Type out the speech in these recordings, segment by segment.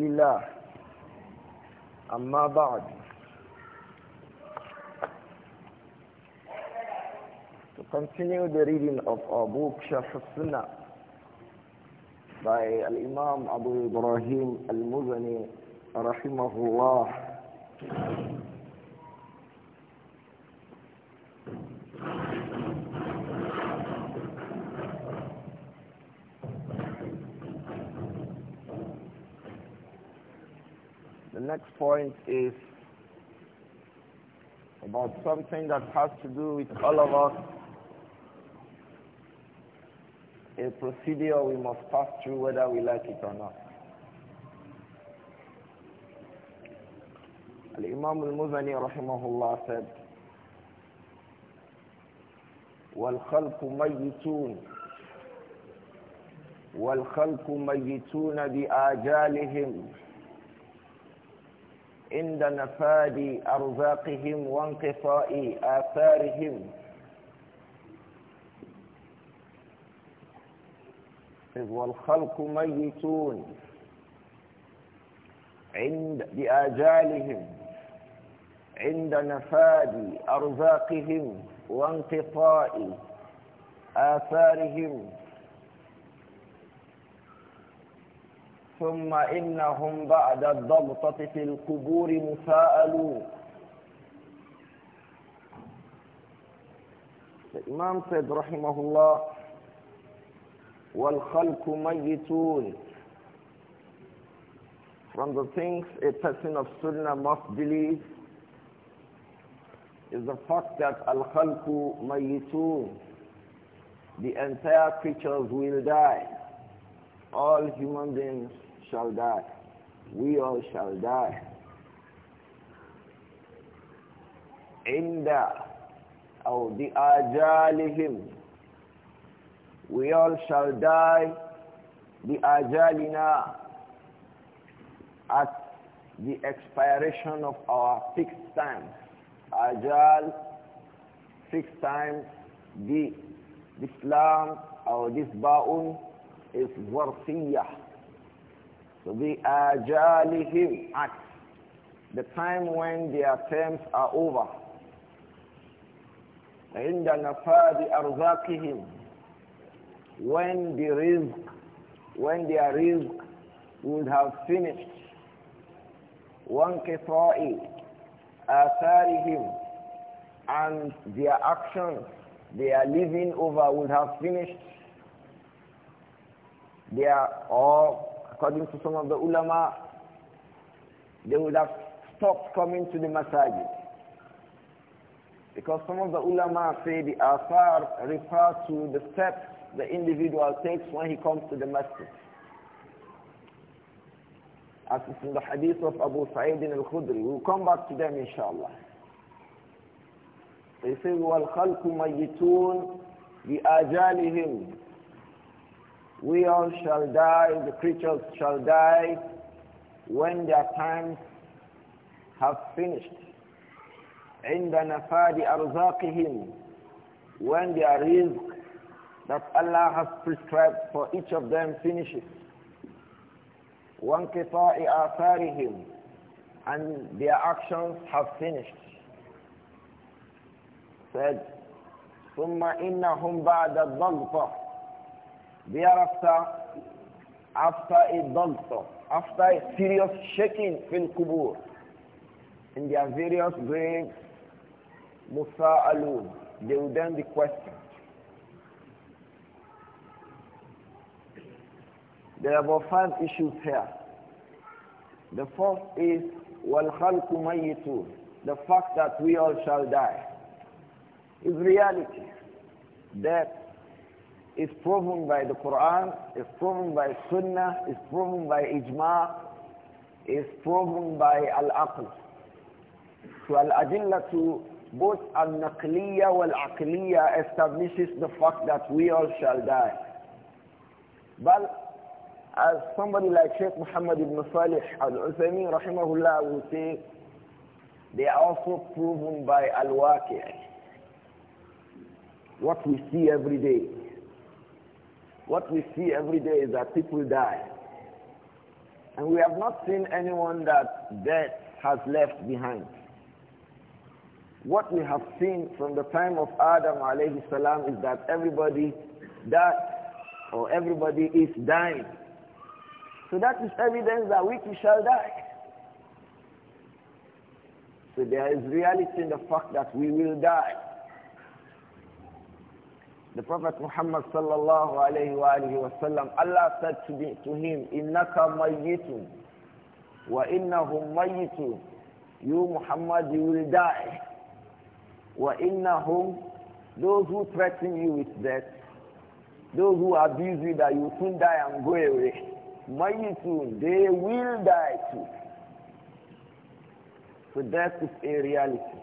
لله أما بعد To continue the reading of our book Sharh sunnah by Al-Imam Abu Ibrahim Al-Muzani rahimahullah next point is about something that has to do with all of us, a procedure we must pass through whether we like it or not. Imam al-Muzani, rahimahullah, said والخلق ميتون والخلق ميتون بآجالهم عند نفاد أرزاقهم وانقطاع آثارهم إذ والخلق ميتون عند بآجالهم عند نفاد أرزاقهم وانقطاع آثارهم ثم إنهم بعد الضبطة في القبور مساءلون الإمام سيد رحمه الله والخلق ميتون From the things a person of Sunnah must believe is the fact that الخلق ميتون the entire creatures will die all human beings shall die. We all shall die. عند أو him. We all shall die The بآجالنا at the expiration of our fixed time. Ajal, fixed time, the Islam or this Ba'un is Warfiyah. بأجالهم at the time when their terms are over عند نفاذ أرزاقهم when the risk when their risk would have finished وانقطاع آثارهم and their actions their living over would have finished They are all according to some of the ulama, they would have stopped coming to the masajid. Because some of the ulama say the asar refers to the steps the individual takes when he comes to the masjid. As in the hadith of Abu Sa'id al-Khudri. We'll come back to them inshallah. They say, وَالْخَلْقُ مَيِّتُونَ بِآجَالِهِمْ we all shall die, the creatures shall die when their times have finished. عند نفاد أرزاقهم when their rizq that Allah has prescribed for each of them finishes. وانقطاع آثارهم and their actions have finished. Said, ثم إنهم بعد الضغطة Thereafter, after a doctor, after a serious shaking in kubur, in their various graves, Musa alone, they will then be questioned. There are about five issues here. The first is وَالْخَلْقُ مَيِّتُونَ The fact that we all shall die is reality. Death is proven by the Quran, is proven by Sunnah, is proven by Ijma, is proven by Al-Aql. So al ajilla to both Al-Naqliya wal-Aqliya establishes the fact that we all shall die. But as somebody like Sheikh Muhammad ibn Salih al-Uthaymi rahimahullah will say, they are also proven by Al-Waqi' what we see every day what we see every day is that people die. And we have not seen anyone that death has left behind. What we have seen from the time of Adam alayhi salam is that everybody died or everybody is dying. So that is evidence that we shall die. So there is reality in the fact that we will die. The Prophet Muhammad sallallahu alayhi wa alihi wasallam, Allah said to, be, to him, Innaka mayyitun wa innahum mayyitun. You Muhammad, you will die. Wa innahum, those who threaten you with death, those who abuse you that you soon die and go away. Mayyitun, they will die too. So death is a reality.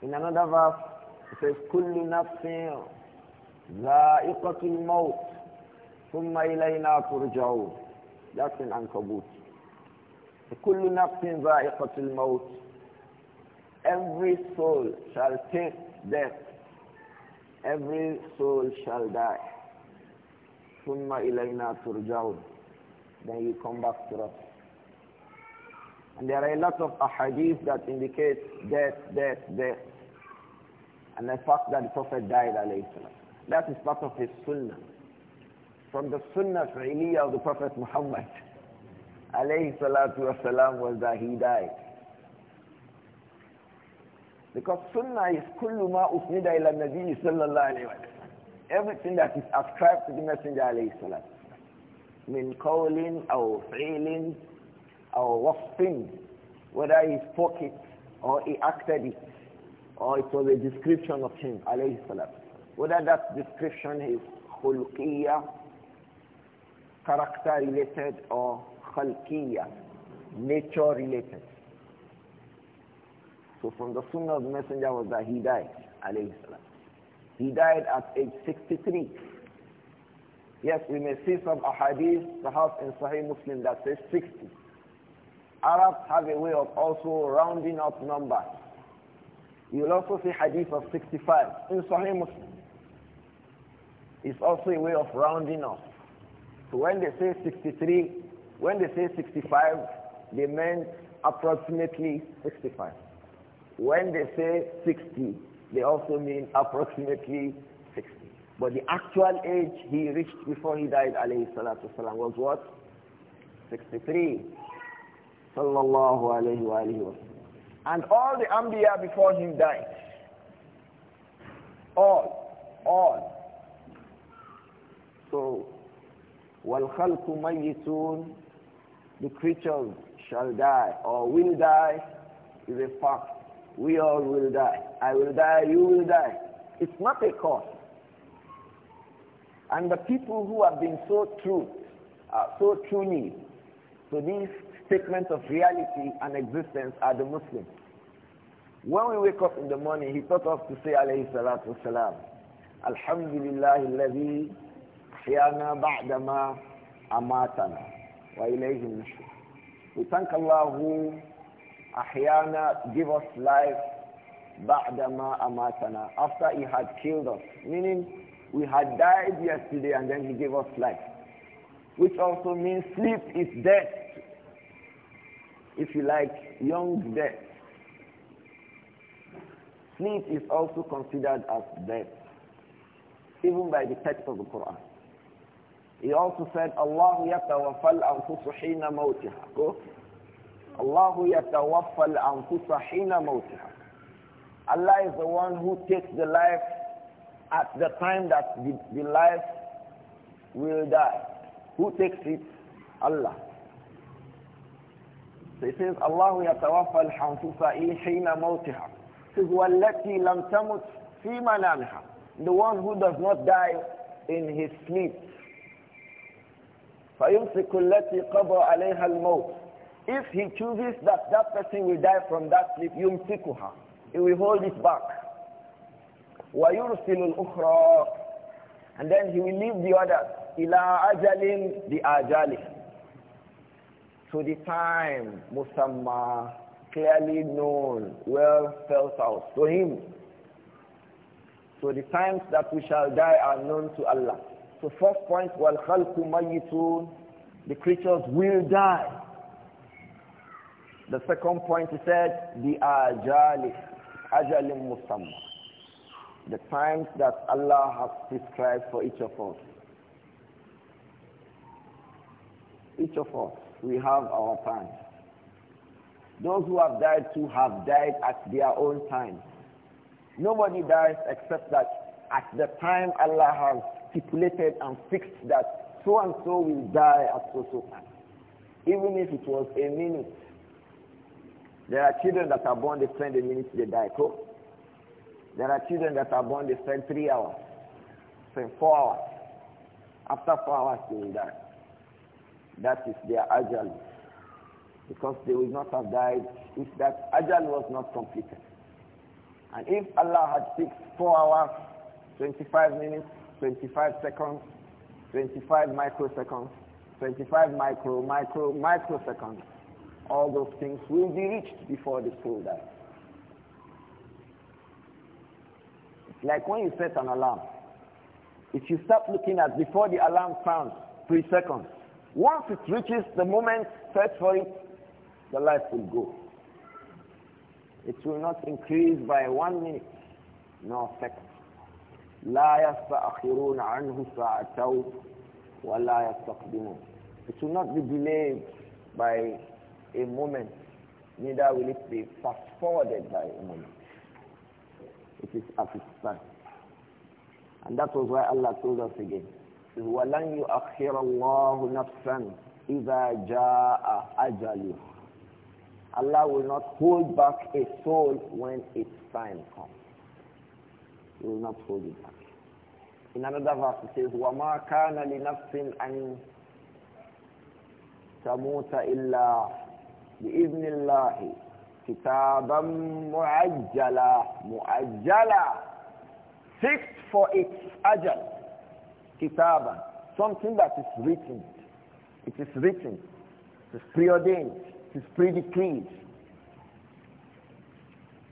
In another verse, it says, كل نفس ذائقة الموت ثم إلينا ترجعون That's in Ankabut. كل نفس ذائقة الموت Every soul shall taste death. Every soul shall die. ثم إلينا ترجعون Then you come back to us. And there are a lot of ahadith that indicate death, death, death and the fact that the Prophet died That is part of his sunnah. From the sunnah fi'liyah of the Prophet Muhammad alayhi salatu wasalam was that he died. Because sunnah is kullu ma usnida ila nabi sallallahu alayhi wa Everything that is ascribed to the Messenger alayhi salam. Min qawlin aw fi'lin aw wasfin. Whether he spoke it or he acted it or it was a description of him, alayhi salam. Whether that description is khulqiyya, character related, or khalqiyya, nature related. So from the sunnah of the messenger was that he died, alayhi salam. He died at age 63. Yes, we may see some ahadith, perhaps in Sahih Muslim, that says 60. Arabs have a way of also rounding up numbers. You will also see hadith of 65 in Sahih Muslim. It's also a way of rounding off. So when they say 63, when they say 65, they meant approximately 65. When they say 60, they also mean approximately 60. But the actual age he reached before he died, alayhi salatu salam, was what? 63. Sallallahu alayhi wa alayhi wa sallam. And all the Ambiya before him died. All. All. So, وَالْخَلْقُ مَيِّتُونَ The creatures shall die or will die is a fact. We all will die. I will die, you will die. It's not a cause. And the people who have been so true, are uh, so truly So these. Statement of reality and existence are the Muslims. When we wake up in the morning, he taught us to say, alayhi salatu wasalam, Alhamdulillah alladhi ahyana ba'dama amatana wa ilayhi nushur. We thank Allah who ahyana give us life ba'dama amatana after he had killed us. Meaning, we had died yesterday and then he gave us life. Which also means sleep is death if you like, young death. Sleep is also considered as death, even by the text of the Quran. He also said, Allah yatawaffal anfusu hina mawtiha. Go. Allah al anfusa hina mawtiha. Allah is the one who takes the life at the time that the, the life will die. Who takes it? Allah. So it says, Allah yatawaffa al-hanfusa hina mawtiha. It says, وَالَّتِي لَمْ تَمُتْ فِي The one who does not die in his sleep. فَيُمْسِكُ الَّتِي قَضَى عَلَيْهَا الْمَوْتِ If he chooses that that person will die from that sleep, يُمْسِكُهَا He will hold it back. وَيُرْسِلُ الْأُخْرَى And then he will leave the others. إِلَىٰ أَجَلٍ بِأَجَلِهِ to the time, musamma, clearly known, well felt out to him. So the times that we shall die are known to Allah. So first point, wal khalqu mayyitun, the creatures will die. The second point he said, the ajali, ajalim musamma. The times that Allah has prescribed for each of us. Each of us we have our time. Those who have died too have died at their own time. Nobody dies except that at the time Allah has stipulated and fixed that so and so will die at so so time. Even if it was a minute. There are children that are born, they spend a minute, they die. Cool. There are children that are born, they spend three hours, spend four hours. After four hours, they will die. That is their ajal. Because they would not have died if that ajal was not completed. And if Allah had fixed 4 hours, 25 minutes, 25 seconds, 25 microseconds, 25 micro, micro, microseconds, all those things will be reached before the soul dies. It's like when you set an alarm. If you start looking at before the alarm sounds, three seconds, once it reaches the moment set for it, the life will go. It will not increase by one minute, nor second. لا يستأخرون عنه ساعة ولا يستقدمون. It will not be delayed by a moment, neither will it be fast forwarded by a moment. It is at its time. And that was why Allah told us again. وَلَنْ يُؤَخِّرَ اللَّهُ نَفْسًا إِذَا جَاءَ أَجَلُهُ Allah will not hold back a soul when its time comes. He will not hold it back. In another verse it says, وَمَا كَانَ لِنَفْسٍ أَنْ تَمُوتَ إِلَّا بِإِذْنِ اللَّهِ كِتَابًا مُعَجَّلًا مُعَجَّلًا Fixed for its ajal kitaban, something that is written. It is written. It is preordained. It is predecreed.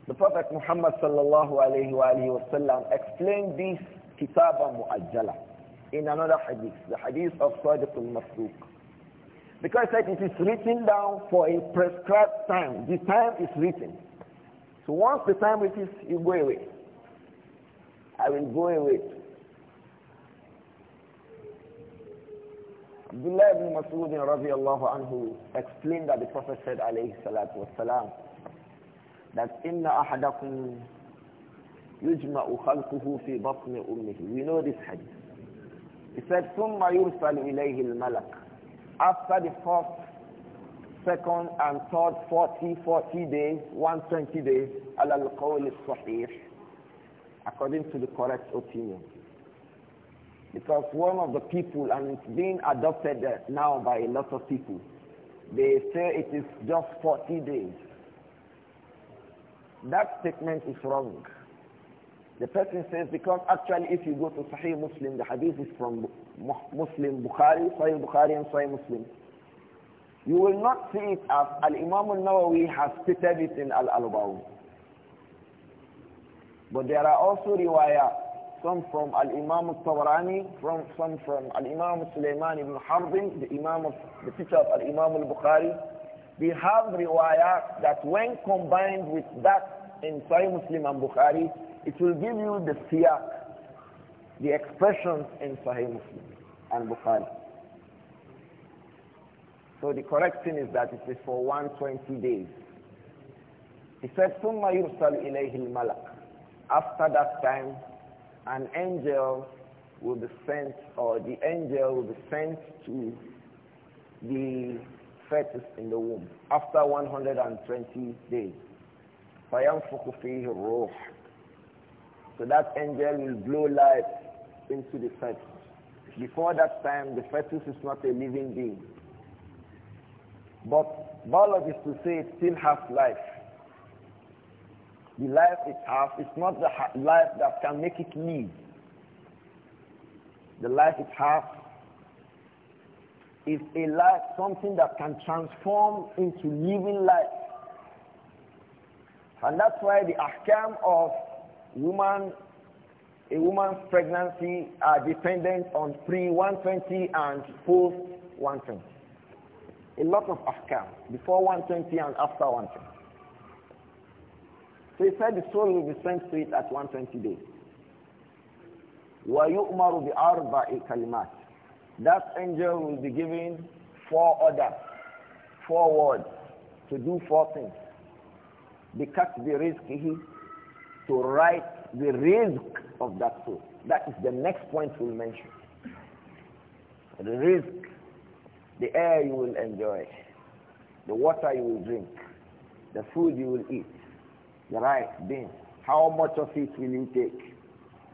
The Prophet Muhammad sallallahu alayhi wa alayhi wa explained this kitaban mu'ajjala in another hadith, the hadith of Sadiq al-Masruq. Because like, it is written down for a prescribed time. The time is written. So once the time reaches, you go away. I will go away. Abdullah ibn Mas'ud radiallahu anhu explained that the Prophet said alayhi salatu wasalam that inna ahadakum yujma'u khalquhu fi batni ummihi. We know this hadith. He said, ثُمَّ يُرْسَلُ إِلَيْهِ الْمَلَكُ After the first, second, and third 40, 40 days, 120 days, عَلَى الْقَوْلِ الصَّحِيحِ According to the correct opinion. It was one of the people, and it's being adopted uh, now by a lot of people. They say it is just 40 days. That statement is wrong. The person says, because actually if you go to Sahih Muslim, the hadith is from Muslim Bukhari, Sahih Bukhari and Sahih Muslim. You will not see it as Al-Imam al-Nawawi has stated it in Al-Albawi. But there are also riwayah some from Al-Imam al-Tabarani, from, some from Al-Imam Sulaiman ibn Harbin, the Imam of, the teacher of Al-Imam al-Bukhari. They have riwayat that when combined with that in Sahih Muslim and Bukhari, it will give you the siyaq, the expressions in Sahih Muslim and Bukhari. So the correct thing is that it is for 120 days. He said, ثُمَّ يُرْسَلْ إِلَيْهِ الْمَلَكُ After that time, an angel will be sent, or the angel will be sent to the fetus in the womb after 120 days. So that angel will blow life into the fetus. Before that time, the fetus is not a living being. But biologists will say it still has life. The life it has is not the life that can make it live. The life it has is a life, something that can transform into living life. And that's why the ahkam of woman, a woman's pregnancy are dependent on pre-120 and post-120. A lot of ahkam, before 120 and after 120. So he said the soul will be sent to it at 120 days. وَيُؤْمَرُ That angel will be given four orders, four words, to do four things. risk he To write the risk of that soul. That is the next point we'll mention. The risk, the air you will enjoy, the water you will drink, the food you will eat, the rice, beans, how much of it will you take?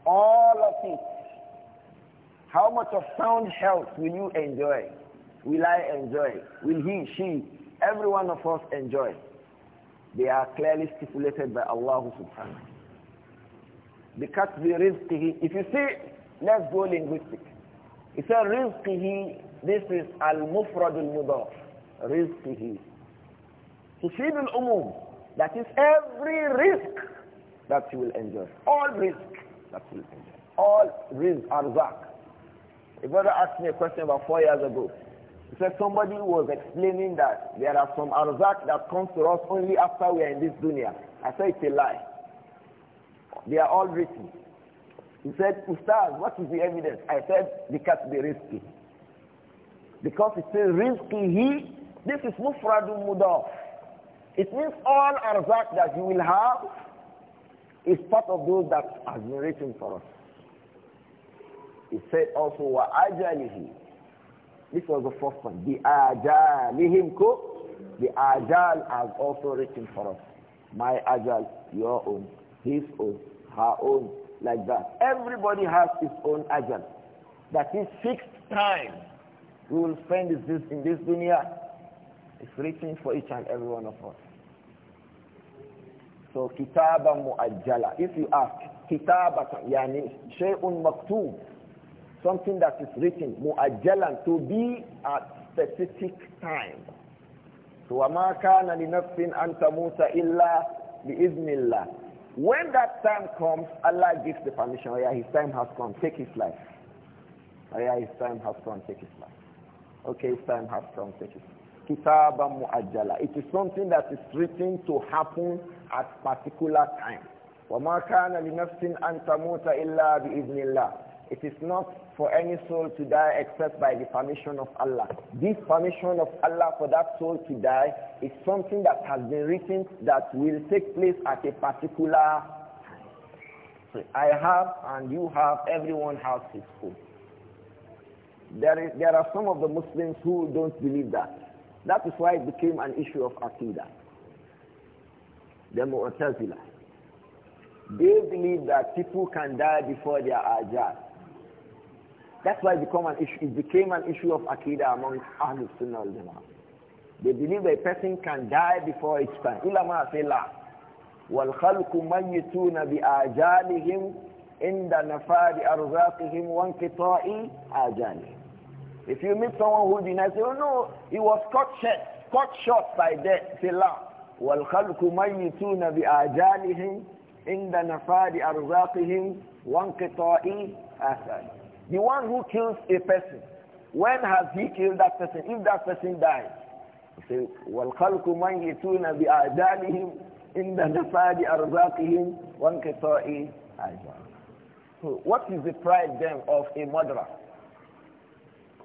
All of it. How much of sound health will you enjoy? Will I enjoy? Will he, she, every one of us enjoy? They are clearly stipulated by Allah subhanahu Because the rizqihi, if you see, let's go linguistic. It's a rizqihi, this is al-mufrad al-mudaf, rizqihi. see the umum that is every risk that you will enjoy. All risk that you will enjoy. All risk are back. A brother asked me a question about four years ago. He said somebody was explaining that there are some arzak that comes to us only after we are in this dunya. I said it's a lie. They are all written. He said, Ustaz, what is the evidence? I said, because they risky. Because it says risky he, this is mufradun mudaf. It means all arzak that you will have is part of those that has been written for us. It said also, wa ajalihi. This was the first one. The ajalihim ko. The ajal has also written for us. My ajal, your own, his own, her own, like that. Everybody has his own ajal. That is fixed time. We will spend this in this dunya. It's written for each and every one of us. So kitaban mu'ajjala. If you ask, kitabatan, yani shay'un maktub, something that is written, mu'ajjalan, to be at specific time. So وَمَا kana لِنَفْسٍ anta musa illa bi ismillah. When that time comes, Allah gives the permission, oh yeah, his time has come, take his life. Oh yeah, his time has come, take his life. Okay, his time has come, take his life kitaban mu'ajjala. It is something that is written to happen at particular time. وَمَا كَانَ لِنَفْسٍ أَن تَمُوتَ إِلَّا بِإِذْنِ اللَّهِ It is not for any soul to die except by the permission of Allah. This permission of Allah for that soul to die is something that has been written that will take place at a particular time. So I have and you have, everyone has his own. There, is, there are some of the Muslims who don't believe that. That is why it became an issue of Aqidah. The Mu'tazila. They believe that people can die before their ajal. That's why it, become an issue, it became an issue of Aqidah among Ahlul Sunnah al They believe a person can die before its time. Ulama say la. وَالْخَلْقُ مَيِّتُونَ بِآجَالِهِمْ عِنْدَ نَفَادِ أَرْزَاقِهِمْ وَانْقِطَاءِ آجَالِهِمْ if you meet someone who denies, say, oh no, he was cut short, cut short by death. Say, la. وَالْخَلْقُ مَيِّتُونَ بِآجَالِهِمْ عِنْدَ نَفَادِ أَرْزَاقِهِمْ وَانْقِطَاءِ أَثَرِ The one who kills a person, when has he killed that person? If that person dies, say, وَالْخَلْقُ مَيِّتُونَ بِآجَالِهِمْ عِنْدَ نَفَادِ أَرْزَاقِهِمْ وَانْقِطَاءِ أَثَرِ So what is the pride then of a murderer?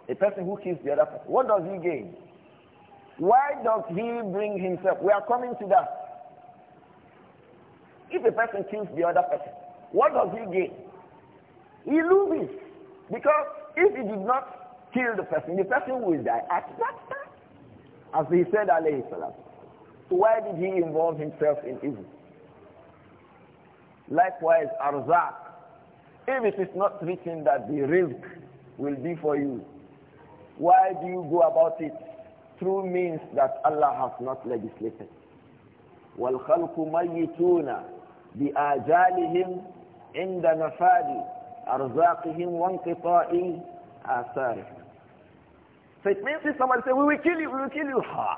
A person who kills the other person. What does he gain? Why does he bring himself? We are coming to that. If a person kills the other person, what does he gain? He loses. Because if he did not kill the person, the person will die at that time. As he said, alayhi salam. So why did he involve himself in evil? Likewise, arzak. If it is not written that the risk will be for you, why do you go about it? Through means that Allah has not legislated. وَالْخَلْقُ مَيِّتُونَ بِآجَالِهِمْ عِنْدَ نَفَادِ أَرْزَاقِهِمْ وَانْقِطَاءِ آثَارِهِمْ So it means if someone say, we will kill you, we will kill you. Ha!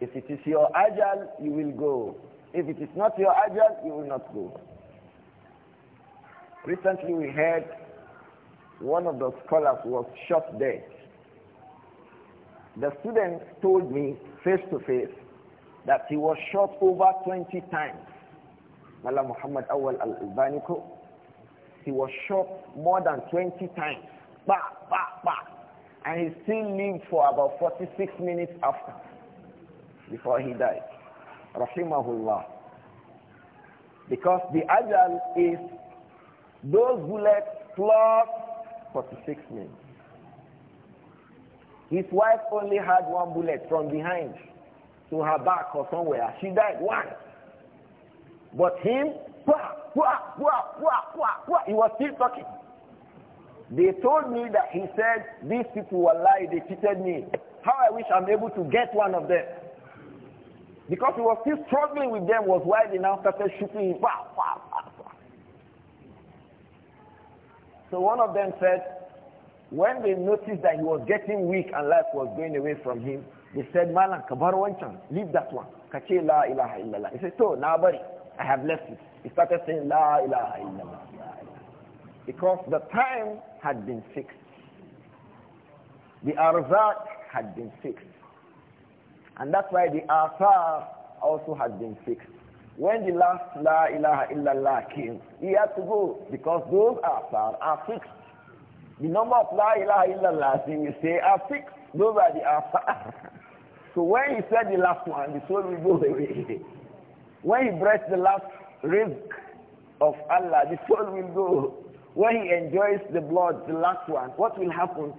If it is your ajal, you will go. If it is not your ajal, you will not go. Recently we heard one of the scholars was shot dead the student told me face to face that he was shot over 20 times. Mullah Muhammad Awal al he was shot more than 20 times. Bah, bah, bah. And he still lived for about 46 minutes after, before he died. Rahimahullah. Because the ajal is those bullets plus 46 minutes. His wife only had one bullet from behind to her back or somewhere. She died once, But him, wah, wah, wah, wah, wah, wah, he was still talking. They told me that he said, these people were lying, they cheated me. How I wish I'm able to get one of them. Because he was still struggling with them was why they now started shooting him. Wah, wah, wah, wah. So one of them said, when they noticed that he was getting weak and life was going away from him, they said, Malan, kabar wanchan, leave that one. Kache la ilaha illallah. He said, so, now buddy, I have left it. He started saying, la ilaha illallah. Because the time had been fixed. The arzak had been fixed. And that's why the asar also had been fixed. When the last La ilaha illallah came, he had to go because those asar are fixed. The number of La ilaha illallah thing you say are fixed. Those are the alpha. so when he said the last one, the soul will go away. when he breathed the last rib of Allah, the soul will go. When he enjoys the blood, the last one, what will happen?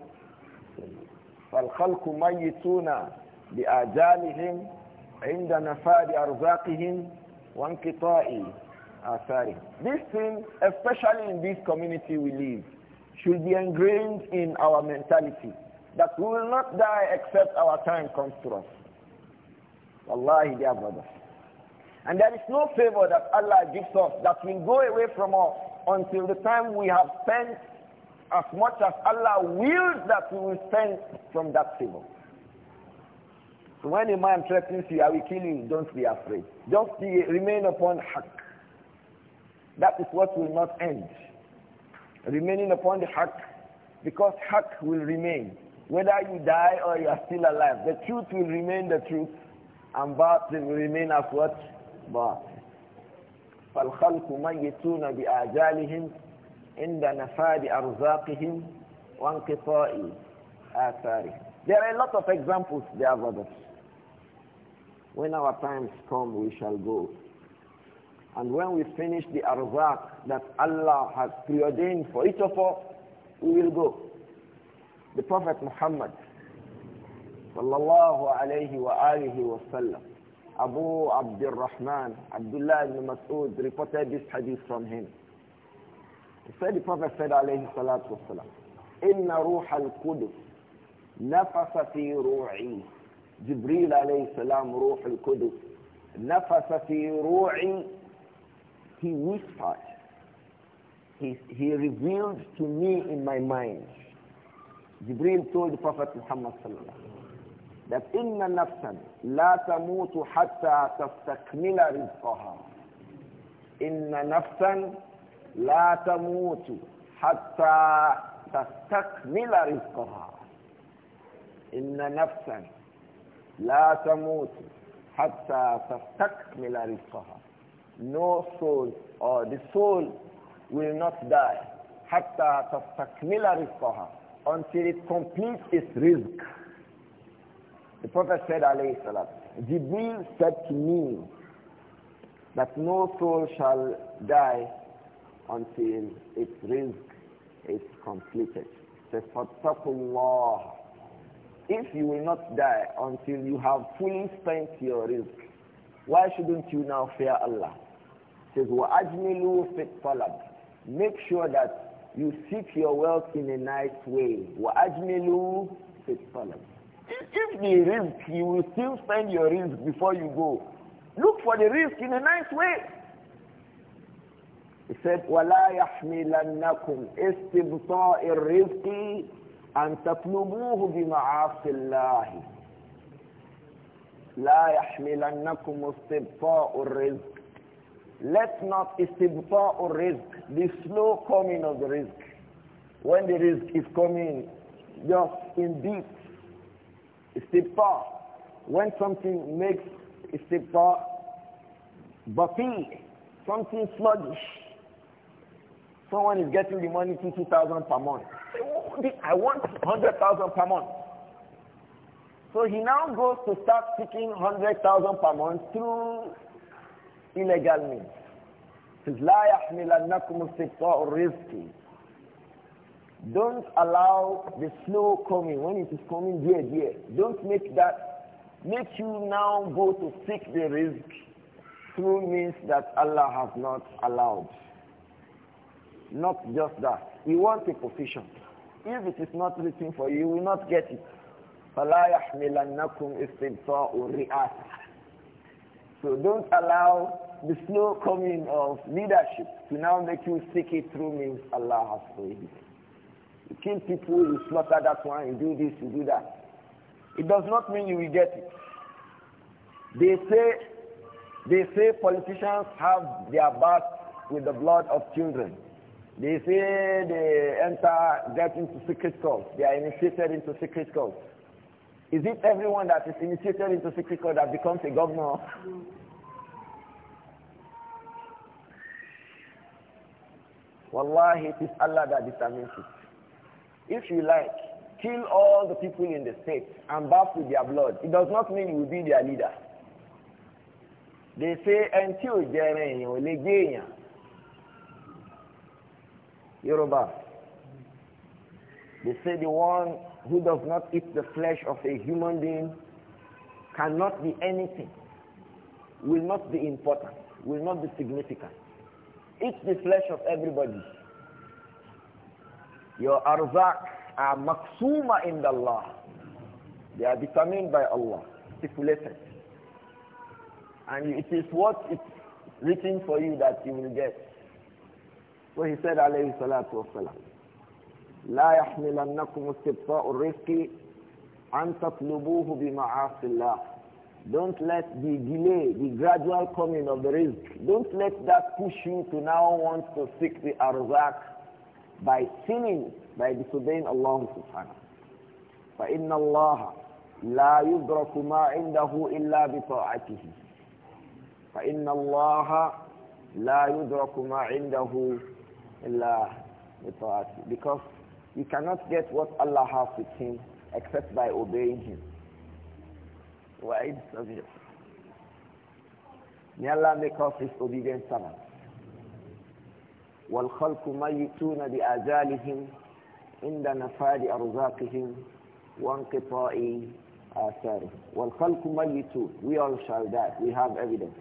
فالخلق ميتون بآجالهم عند نفاد أرزاقهم وانقطاع آثارهم. This thing, especially in this community we live, should be ingrained in our mentality that we will not die except our time comes to us. Wallahi, dear brothers. And there is no favor that Allah gives us that will go away from us until the time we have spent as much as Allah wills that we will spend from that favor. So when a man threatens you, I will kill you, don't be afraid. Just be, remain upon haqq. That is what will not end remaining upon the haq because haq will remain. Whether you die or you are still alive, the truth will remain the truth and batil will remain as what? Batil. فالخلق ميتون بآجالهم عند نفاد أرزاقهم وانقطاع آثارهم There are a lot of examples there, brothers. When our times come, we shall go. And when we finish the arzak that Allah has preordained for each of us, we will go. The Prophet Muhammad sallallahu alayhi wa alihi wa sallam, Abu Abdul Rahman, Abdullah ibn Mas'ud reported this hadith from him. He said, the Prophet said alayhi salatu wa sallam, إِنَّ al الْقُدُسِ نَفَسَ fi رُوعِي Jibril alayhi salam, Ruh al-Qudus, نَفَسَ fi رُوعِي he whispered. He, he revealed to me in my mind. Jibril told the Prophet Muhammad that inna nafsan la tamutu hatta tastakmila rizqaha. Inna nafsan la tamutu hatta tastakmila rizqaha. Inna nafsan la tamutu hatta tastakmila rizqaha no soul or the soul will not die hatta tastakmila rizqaha until it completes its rizq. The Prophet said alayhi salam, Jibreel said to me that no soul shall die until its rizq is completed. Says, If you will not die until you have fully spent your risk. Why shouldn't you now fear Allah? It says, وَأَجْمِلُوا فِي الطَّلَبِ Make sure that you seek your wealth in a nice way. وَأَجْمِلُوا فِي الطَّلَبِ If the risk, you will still spend your risk before you go. Look for the risk in a nice way. He said, وَلَا يَحْمِلَنَّكُمْ إِسْتِبْطَاءِ الرِّزْقِ أَن تَطْلُبُوهُ بِمَعَاصِ اللَّهِ لا يحملنكم استبطاء الرزق Let not istibta'u rizq, the slow coming of the risk. When the risk is coming, just in deep. Istibta' when something makes but bafi, something sluggish. Someone is getting the money to 2,000 per month. I want 100,000 per month. So he now goes to start seeking 100,000 per month through illegal means. Says, لا يحملنكم استبطاء الرزق. Don't allow the snow coming. When it is coming, dear, dear. Don't make that, make you now go to seek the risk through means that Allah has not allowed. Not just that. You want a position. If it is not written for you, you will not get it. فَلَا يَحْمِلَنَّكُمْ إِسْتِبْطَاءُ الرِّئَاسَةِ So don't allow the slow coming of leadership to now make you seek it through means Allah has forbidden. You kill people, you slaughter that one, you do this, you do that. It does not mean you will get it. They say, they say politicians have their bath with the blood of children. They say they enter, get into secret cults. They are initiated into secret cults. Is it everyone that is initiated into secret that becomes a governor? Wallahi, it is Allah that determines it. If you like, kill all the people in the state and bath with their blood. It does not mean you will be their leader. They say, until Jeremy or Legenia, Yoruba. They say the one who does not eat the flesh of a human being cannot be anything, will not be important, will not be significant. Eat the flesh of everybody. Your arzak are maksuma in the Allah. They are determined by Allah, stipulated. And it is what is written for you that you will get. So he said, alayhi salatu wa sallam." لا يحملنكم استبطاء الرزق أن تطلبوه بمعاصي الله Don't let the delay, the gradual coming of the risk, don't let that push you to now want to seek the arzak by sinning, by disobeying Allah subhanahu. wa ta'ala. فإن الله لا يدرك ما عنده إلا بطاعته فإن الله لا يدرك ما عنده إلا بطاعته because You cannot get what Allah has with him except by obeying him. Why? is May Allah make us his obedient servants. والخلق ميتون بآجالهم عند نفاد أرزاقهم وانقطاع آثارهم والخلق ميتون we all shall die we have evidence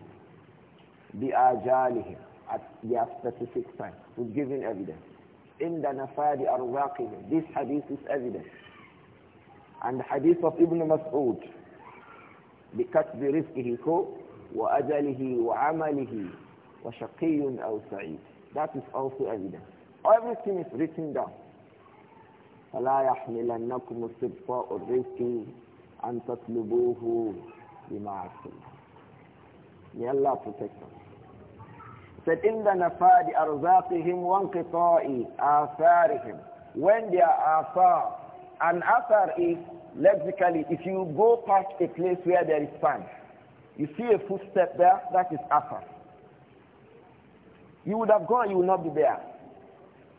بآجالهم at their specific time we've given evidence عند نفاد أرواقهم This hadith is evidence. And the hadith of Ibn Mas'ud ajalihi wa amalihi wa وشقي أو سعيد That is also evidence. Everything is written down. فلا يحملنكم استبطاء الرزق أن تطلبوه بمعصية. May Allah protect us said, إِنَّ نَفَادِ أَرْزَاقِهِمْ وَانْقِطَاءِ آثَارِهِمْ When there are afar, an afar is, lexically, if you go past a place where there is sand, you see a footstep there, that is afar. You would have gone, you would not be there.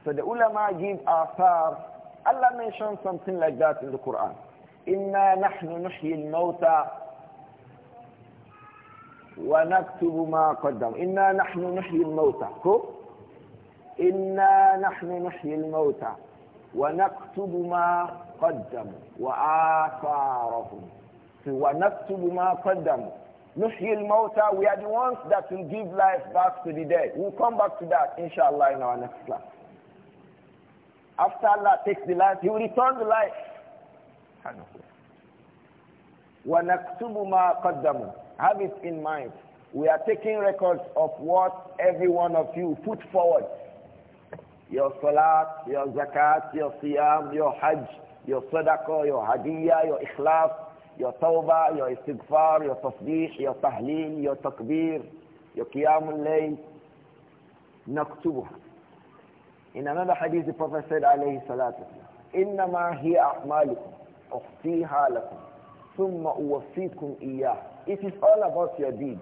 So the ulama give afar. Allah mentioned something like that in the Quran. إِنَّا نَحْنُ نُحْيِي الْمَوْتَى ونكتب ما قدم إنا نحن نحيي الموتى إنا نحن نحيي الموتى ونكتب ما قدم وآثارهم ونكتب ما قدم نحيي الموتى we are the ones that will give life back to the dead we'll come back to that inshallah in our next class after Allah takes the life he will return the life ونكتب ما قدموا Have it in mind. We are taking records of what every one of you put forward. Your salat, your zakat, your siyam, your hajj, your sadaqah, your hadiyah, your ikhlas, your tawbah, your istighfar, your tasbih, your tahleel, your takbir, your qiyamul layl. Naktubuha. In another hadith the Prophet said alayhi salatu إنما هي أعمالكم أخفيها لكم ثم أوفيكم إياه it is all about your deeds.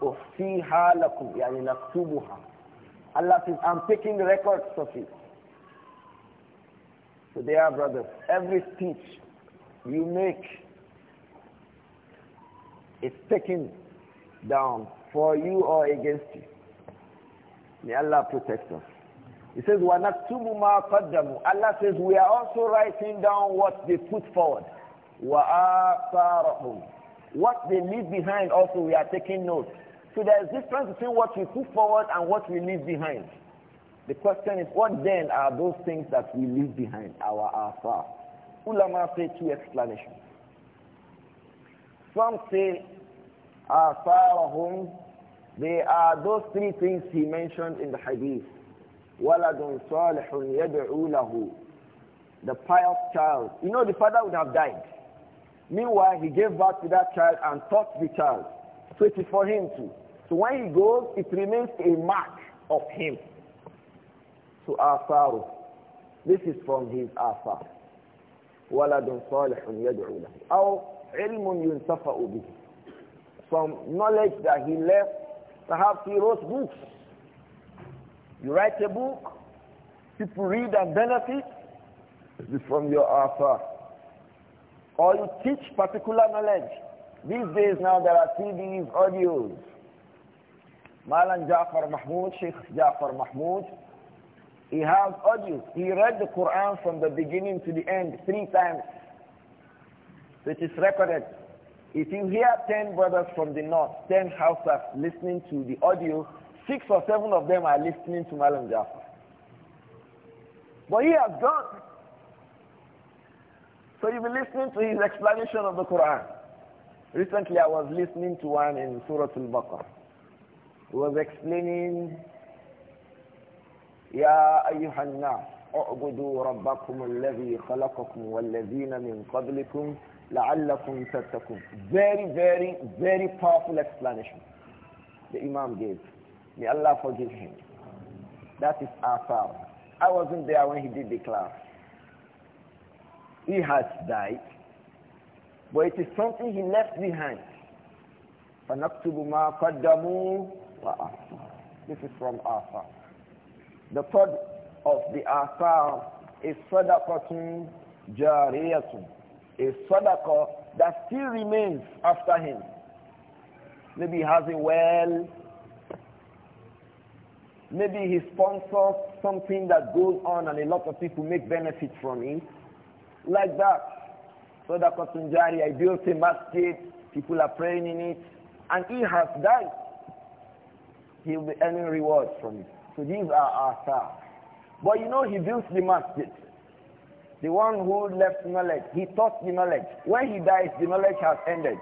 أُخْفِيهَا لَكُمْ يعني نَكْتُبُهَا Allah says, I'm taking the records of it. So they are brothers. Every speech you make is taken down for you or against you. May Allah protect us. He says, وَنَكْتُبُ مَا قَدَّمُوا Allah says, we are also writing down what they put forward. وَآثَارَهُمْ what they leave behind also, we are taking note. So there is difference between what we put forward and what we leave behind. The question is, what then are those things that we leave behind, our afar? Ulama say two explanations. Some say, home, they are those three things he mentioned in the hadith. Waladun salihun يَدْعُو lahu. The pious child. You know, the father would have died. Meanwhile, he gave birth to that child and taught the child. So it is for him too. So when he goes, it remains a mark of him. So Asaru. This is from his Asar. ولد صالح يدعو له أو علم به some knowledge that he left perhaps he wrote books you write a book people read and benefit this is from your author or you teach particular knowledge. These days now there are TVs, audios. Malan Jafar Mahmoud, Sheikh Jafar Mahmood, he has audios. He read the Quran from the beginning to the end three times. it is recorded. If you hear 10 brothers from the north, 10 houses listening to the audio, six or seven of them are listening to Malam Jafar. But he has gone. So you'll be listening to his explanation of the Quran. Recently I was listening to one in Surah Al-Baqarah. He was explaining, يَا أَيُّهَا النَّاسِ اعْبُدُوا رَبَّكُمُ الَّذِي خَلَقَكُمْ وَالَّذِينَ مِنْ قَبْلِكُمْ لَعَلَّكُمْ تَتَّقُونَ Very, very, very powerful explanation the Imam gave. May Allah forgive him. That is our power. I wasn't there when he did the class he has died, but it is something he left behind. This is from Athar. The third of the Athar is صَدَقَةٌ جَارِيَةٌ A sadaqah that still remains after him. Maybe he has a well, maybe he sponsors something that goes on and a lot of people make benefit from it like that. So that Qatun Jari, I built a masjid, people are praying in it, and he has died. He will be earning rewards from it. So these are our stars. But you know, he built the masjid. The one who left knowledge, he taught the knowledge. When he dies, the knowledge has ended.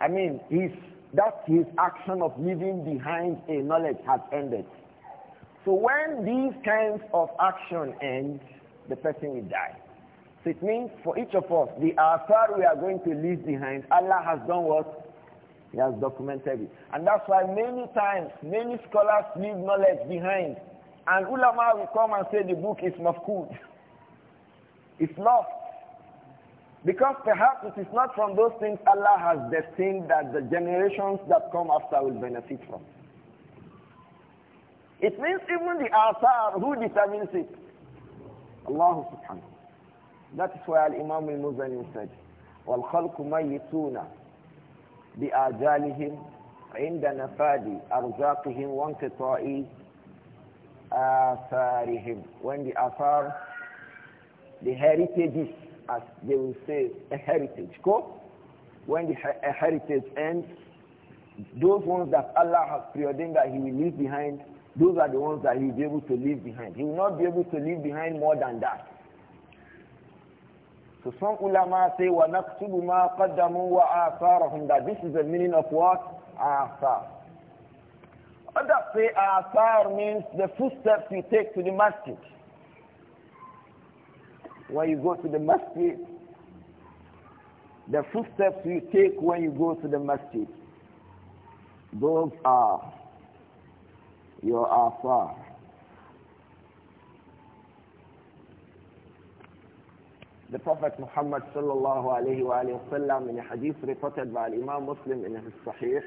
I mean, his, that his action of leaving behind a knowledge has ended. So when these kinds of action ends, the person will die. So it means for each of us, the affair we are going to leave behind, Allah has done what? He has documented it. And that's why many times, many scholars leave knowledge behind. And ulama will come and say the book is mafkud. It's lost. Because perhaps it is not from those things Allah has destined that the generations that come after will benefit from. It means even the asar, who determines it? Allah subhanahu that is why imam al-Muzani said, وَالْخَلْقُ مَيِّتُونَ بِآجَالِهِمْ عِنْدَ نَفَادِ أَرْزَاقِهِمْ وَانْقِطَاءِ آثَارِهِمْ When the afar, the heritages, as they will say, a heritage, go. When the heritage ends, those ones that Allah has preordained that He will leave behind, those are the ones that He will be able to leave behind. He will not be able to leave behind more than that. So some ulama say, وَنَكْتُبُ مَا قَدَّمُوا وَآثَارَهُمْ That this is the meaning of what? Athar. Others say athar means the footsteps you take to the masjid. When you go to the masjid, the footsteps you take when you go to the masjid, those are your athar. The Prophet Muhammad sallallahu alayhi wa sallam in a hadith reported by Imam Muslim in his Sahih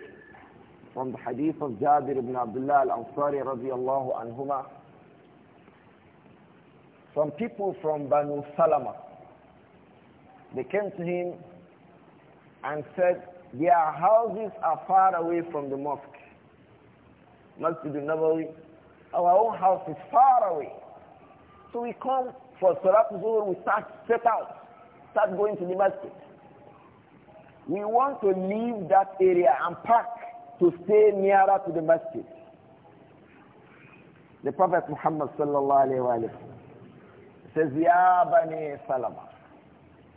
from the hadith of Jabir ibn Abdullah al-Ansari radiallahu anhuma From people from Banu Salama they came to him and said their houses are far away from the mosque Masjid al-Nabawi our own house is far away so we come for Salat we start set out, start going to the masjid. We want to leave that area and pack to stay nearer to the masjid. The Prophet Muhammad sallallahu alayhi wa alayhi says, Ya Bani Salama,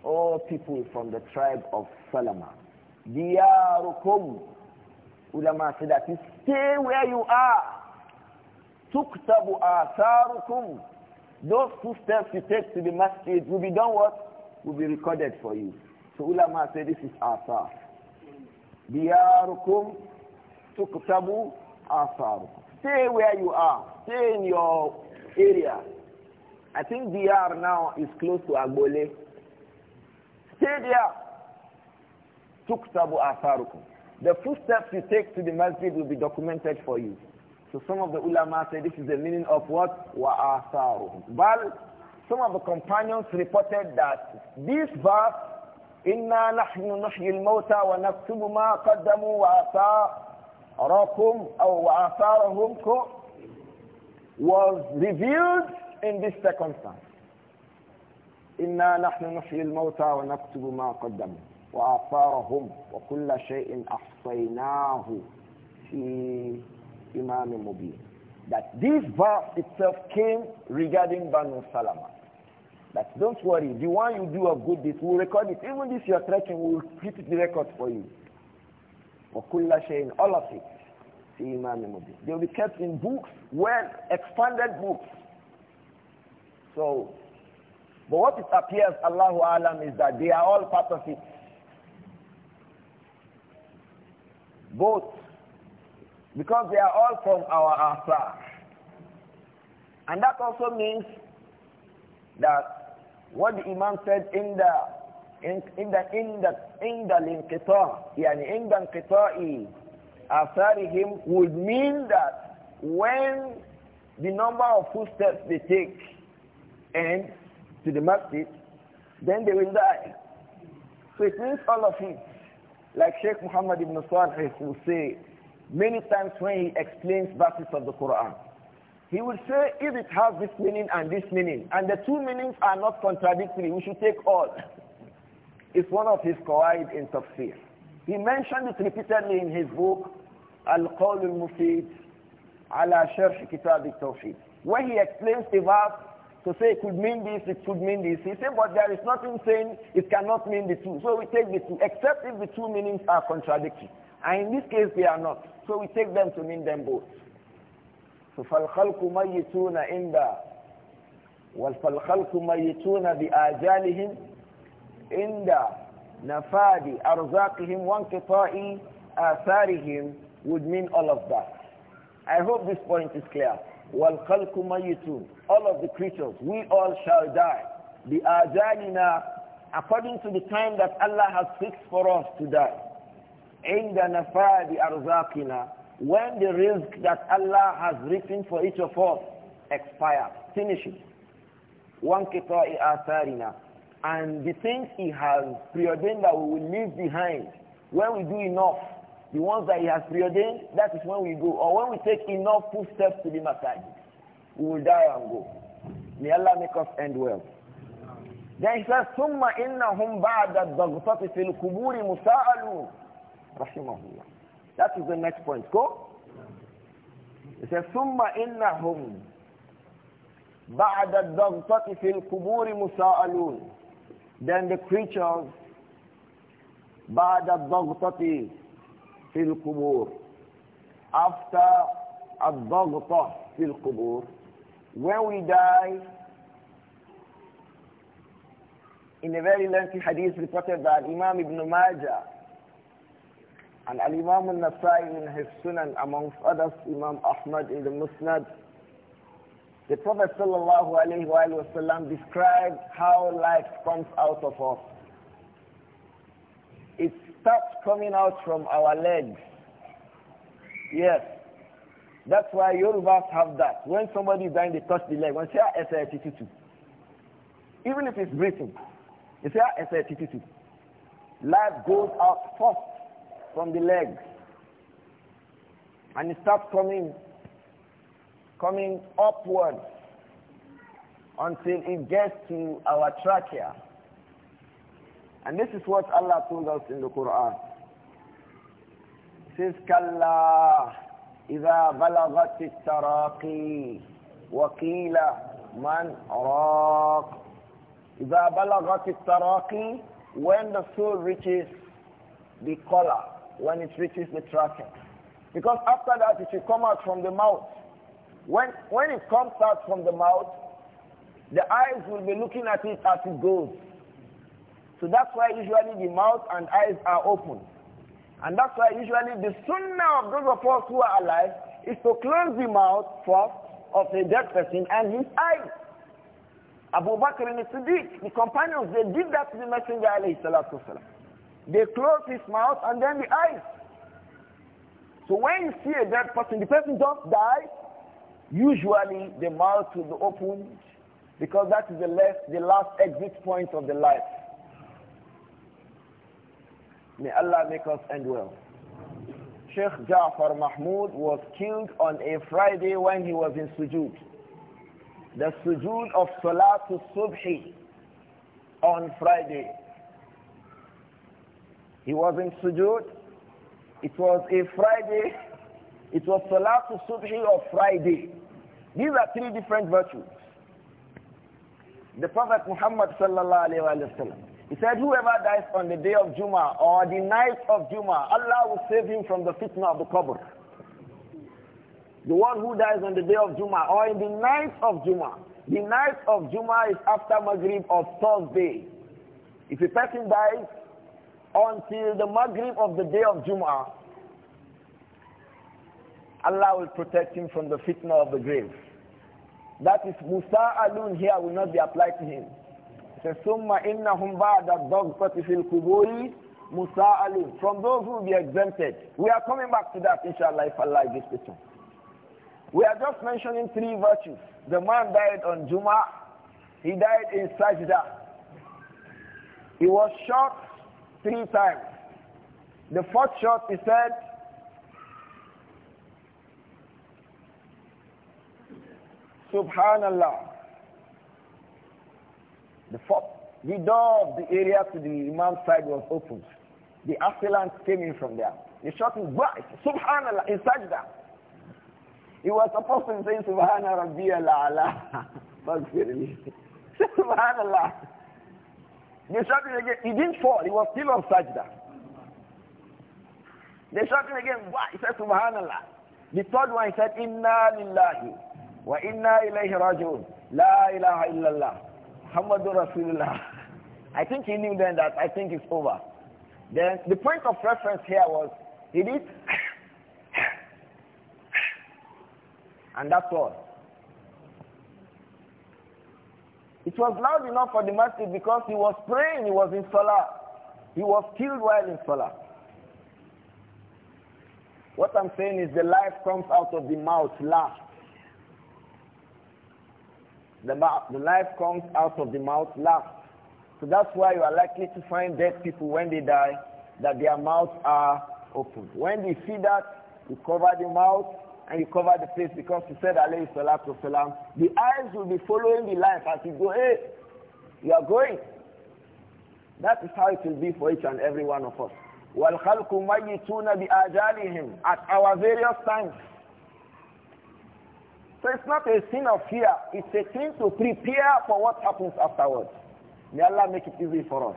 all people from the tribe of Salama, Diyarukum, ulama say stay where you are, tuktabu asarukum, those two steps you take to the masjid will be done what? Will be recorded for you. So ulama say this is asar. Diyarukum tuktabu asar. Stay where you are. Stay in your area. I think Diyar now is close to Agbole. Stay there. Tuktabu asarukum. The footsteps you take to the masjid will be documented for you. So some of the ulama say this is the meaning of what? وَآثَارُهُمْ But some of the companions reported that this verse, إِنَّا نَحْنُ نُحْيِي الْمَوْتَى وَنَكْتُبُ مَا قَدَّمُوا وَآثَارَكُمْ أَوْ وَآثَارَهُمْ was revealed in this circumstance. إِنَّا نَحْنُ نُحْيِي الْمَوْتَى وَنَكْتُبُ مَا قَدَّمُوا وَآثَارَهُمْ وَكُلَّ شَيْءٍ أَحْصَيْنَاهُ فِي Imam Mubin. That this verse itself came regarding Banu Salama. But don't worry, the one you do a good deed, we'll record it. Even if you're tracking, we'll keep the record for you. For kulla shayin, all of it. See Imam Mubin. They'll be kept in books, well, expanded books. So, but what it appears, Allahu Alam, is that they are all part of it. Both because they are all from our Asar. And that also means that what the Imam said in the in in the in the in the inqita yani in the inqita'i him would mean that when the number of footsteps they take and to the masjid then they will die so it means all of it like Sheikh Muhammad ibn Salih will say Many times when he explains verses of the Quran, he will say, if it has this meaning and this meaning, and the two meanings are not contradictory, we should take all. It's one of his qawaid in tafsir. He mentioned it repeatedly in his book, Al-Qawl al-Mufid, ala Sharh Kitab al-Tawheed. where he explains the verse, to say it could mean this, it could mean this. He said, but there is nothing saying it cannot mean the two. So we take the two, except if the two meanings are contradictory. And in this case, they are not. So we take them to mean them both. So فَالْخَلْقُ مَيِّتُونَ إِنْدَا وَالْخَلْقُ مَيِّتُونَ بِآجَالِهِمْ إِنْدَا نَفَادِ أَرْزَاقِهِمْ وَانْقِطَاءِ آثَارِهِمْ would mean all of that. I hope this point is clear. وَالْخَلْقُ مَيِّتُونَ All of the creatures, we all shall die. بِآجَالِنَا According to the time that Allah has fixed for us to die. عند نفاد arzakina when the risk that Allah has written for each of us expires, finishes. وانقطاع آثارنا and the things He has preordained that we will leave behind when we do enough, the ones that He has preordained, that is when we go. Or when we take enough steps to the masajid, we will die and go. May Allah make us end well. Then he says, ثُمَّ إِنَّهُمْ بَعْدَ الضَّغْطَةِ فِي kuburi مُسَاءَلُونَ rahimahullah. That is the next point. Go. He says, "Summa innahum ba'da dhaghtati fil qubur musa'alun." Then the creatures ba'da dhaghtati fil qubur after ad-daghta fil qubur when we die in a very lengthy hadith reported by Imam Ibn Majah and Al-Imam al-Nasai in his Sunan, amongst others, Imam Ahmad in the Musnad, the Prophet ﷺ described how life comes out of us. It starts coming out from our legs. Yes. That's why Yorubas have that. When somebody is dying, they touch the leg. When they say, ah, even if it's breathing, they say, ah, life goes out first from the legs. And it starts coming, coming upwards until it gets to our trachea. And this is what Allah told us in the Quran. It says, كَلَّا إِذَا بَلَغَتِ التَّرَاقِي man مَنْ رَاقٍ إِذَا بَلَغَتِ taraqi When the soul reaches the collar, when it reaches the trachea. Because after that, it will come out from the mouth. When, when it comes out from the mouth, the eyes will be looking at it as it goes. So that's why usually the mouth and eyes are open. And that's why usually the sunnah of those of us who are alive is to close the mouth first of a dead person and his eyes. Abu Bakr and Siddiq, the companions, they did that to the Messenger alayhi salatu wasalam. They close his mouth and then the eyes. So when you see a dead person, the person just die. Usually the mouth will be opened because that is the last, the last exit point of the life. May Allah make us end well. Sheikh Ja'far Mahmoud was killed on a Friday when he was in sujood. The sujood of Salatul Subhi on Friday. He was in sujood. It was a Friday. It was Salatul Subhi of Friday. These are three different virtues. The Prophet Muhammad sallallahu alayhi wa he said, whoever dies on the day of Juma or the night of Juma, Allah will save him from the fitna of the qabr. The one who dies on the day of Juma or in the night of Juma. The night of Juma is after Maghrib of Thursday. If a person dies until the Maghrib of the day of Jum'ah, Allah will protect him from the fitna of the grave. That is Musa alun here will not be applied to him. He says, Summa innahum ba'da dogfati fil kuburi Musa alun. From those who will be exempted. We are coming back to that inshallah if Allah gives We are just mentioning three virtues. The man died on Juma. He died in Sajda. He was shot three times. The fourth shot, he said, Subhanallah. The, fourth, the door of the area to the imam's side was opened. The assailants came in from there. They shot his voice, Subhanallah, in sajda. He was supposed to say, Subhanallah, Rabbi Allah, Subhanallah. They shot him again. He didn't fall. He was still on sajda. They shot him again. Why? He said, Subhanallah. The third one, he said, Inna lillahi wa inna ilayhi raji'un. La ilaha illallah. Muhammadur Rasulullah. I think he knew then that I think it's over. Then the point of reference here was he did and that's all. It was loud enough for the masjid because he was praying, he was in salah. He was killed while in salah. What I'm saying is the life comes out of the mouth last. The, the life comes out of the mouth last. So that's why you are likely to find dead people when they die, that their mouths are open. When they see that, you cover the mouth, and you cover the face because he said, alayhi salatu salam, the eyes will be following the life as you go, hey, you are going. That is how it will be for each and every one of us. وَالْخَلْقُ مَيِّتُونَ بِآجَالِهِمْ At our various times. So it's not a sin of fear. It's a thing to prepare for what happens afterwards. May Allah make it easy for us.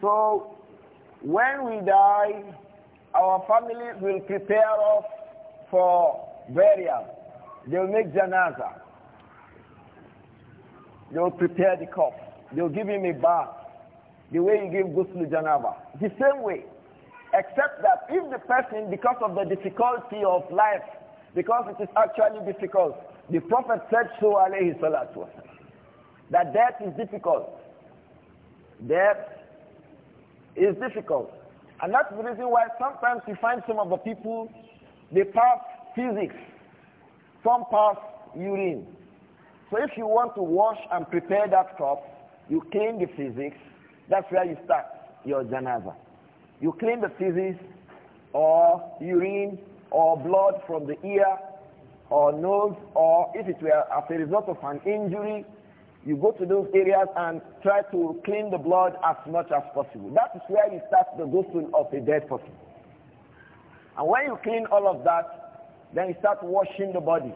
So when we die, our families will prepare us for burial. They will make janaza. They will prepare the cup. They will give him a bath. The way you give ghusl janaba. The same way. Except that if the person, because of the difficulty of life, because it is actually difficult, the Prophet said so, alayhi salatu that death is difficult. Death is difficult. And that's the reason why sometimes you find some of the people, they pass physics, some pass urine. So if you want to wash and prepare that cup, you clean the physics, that's where you start your janaza. You clean the physics or urine or blood from the ear or nose or if it were as a result of an injury you go to those areas and try to clean the blood as much as possible. That is where you start the ghosting of a dead person. And when you clean all of that, then you start washing the body.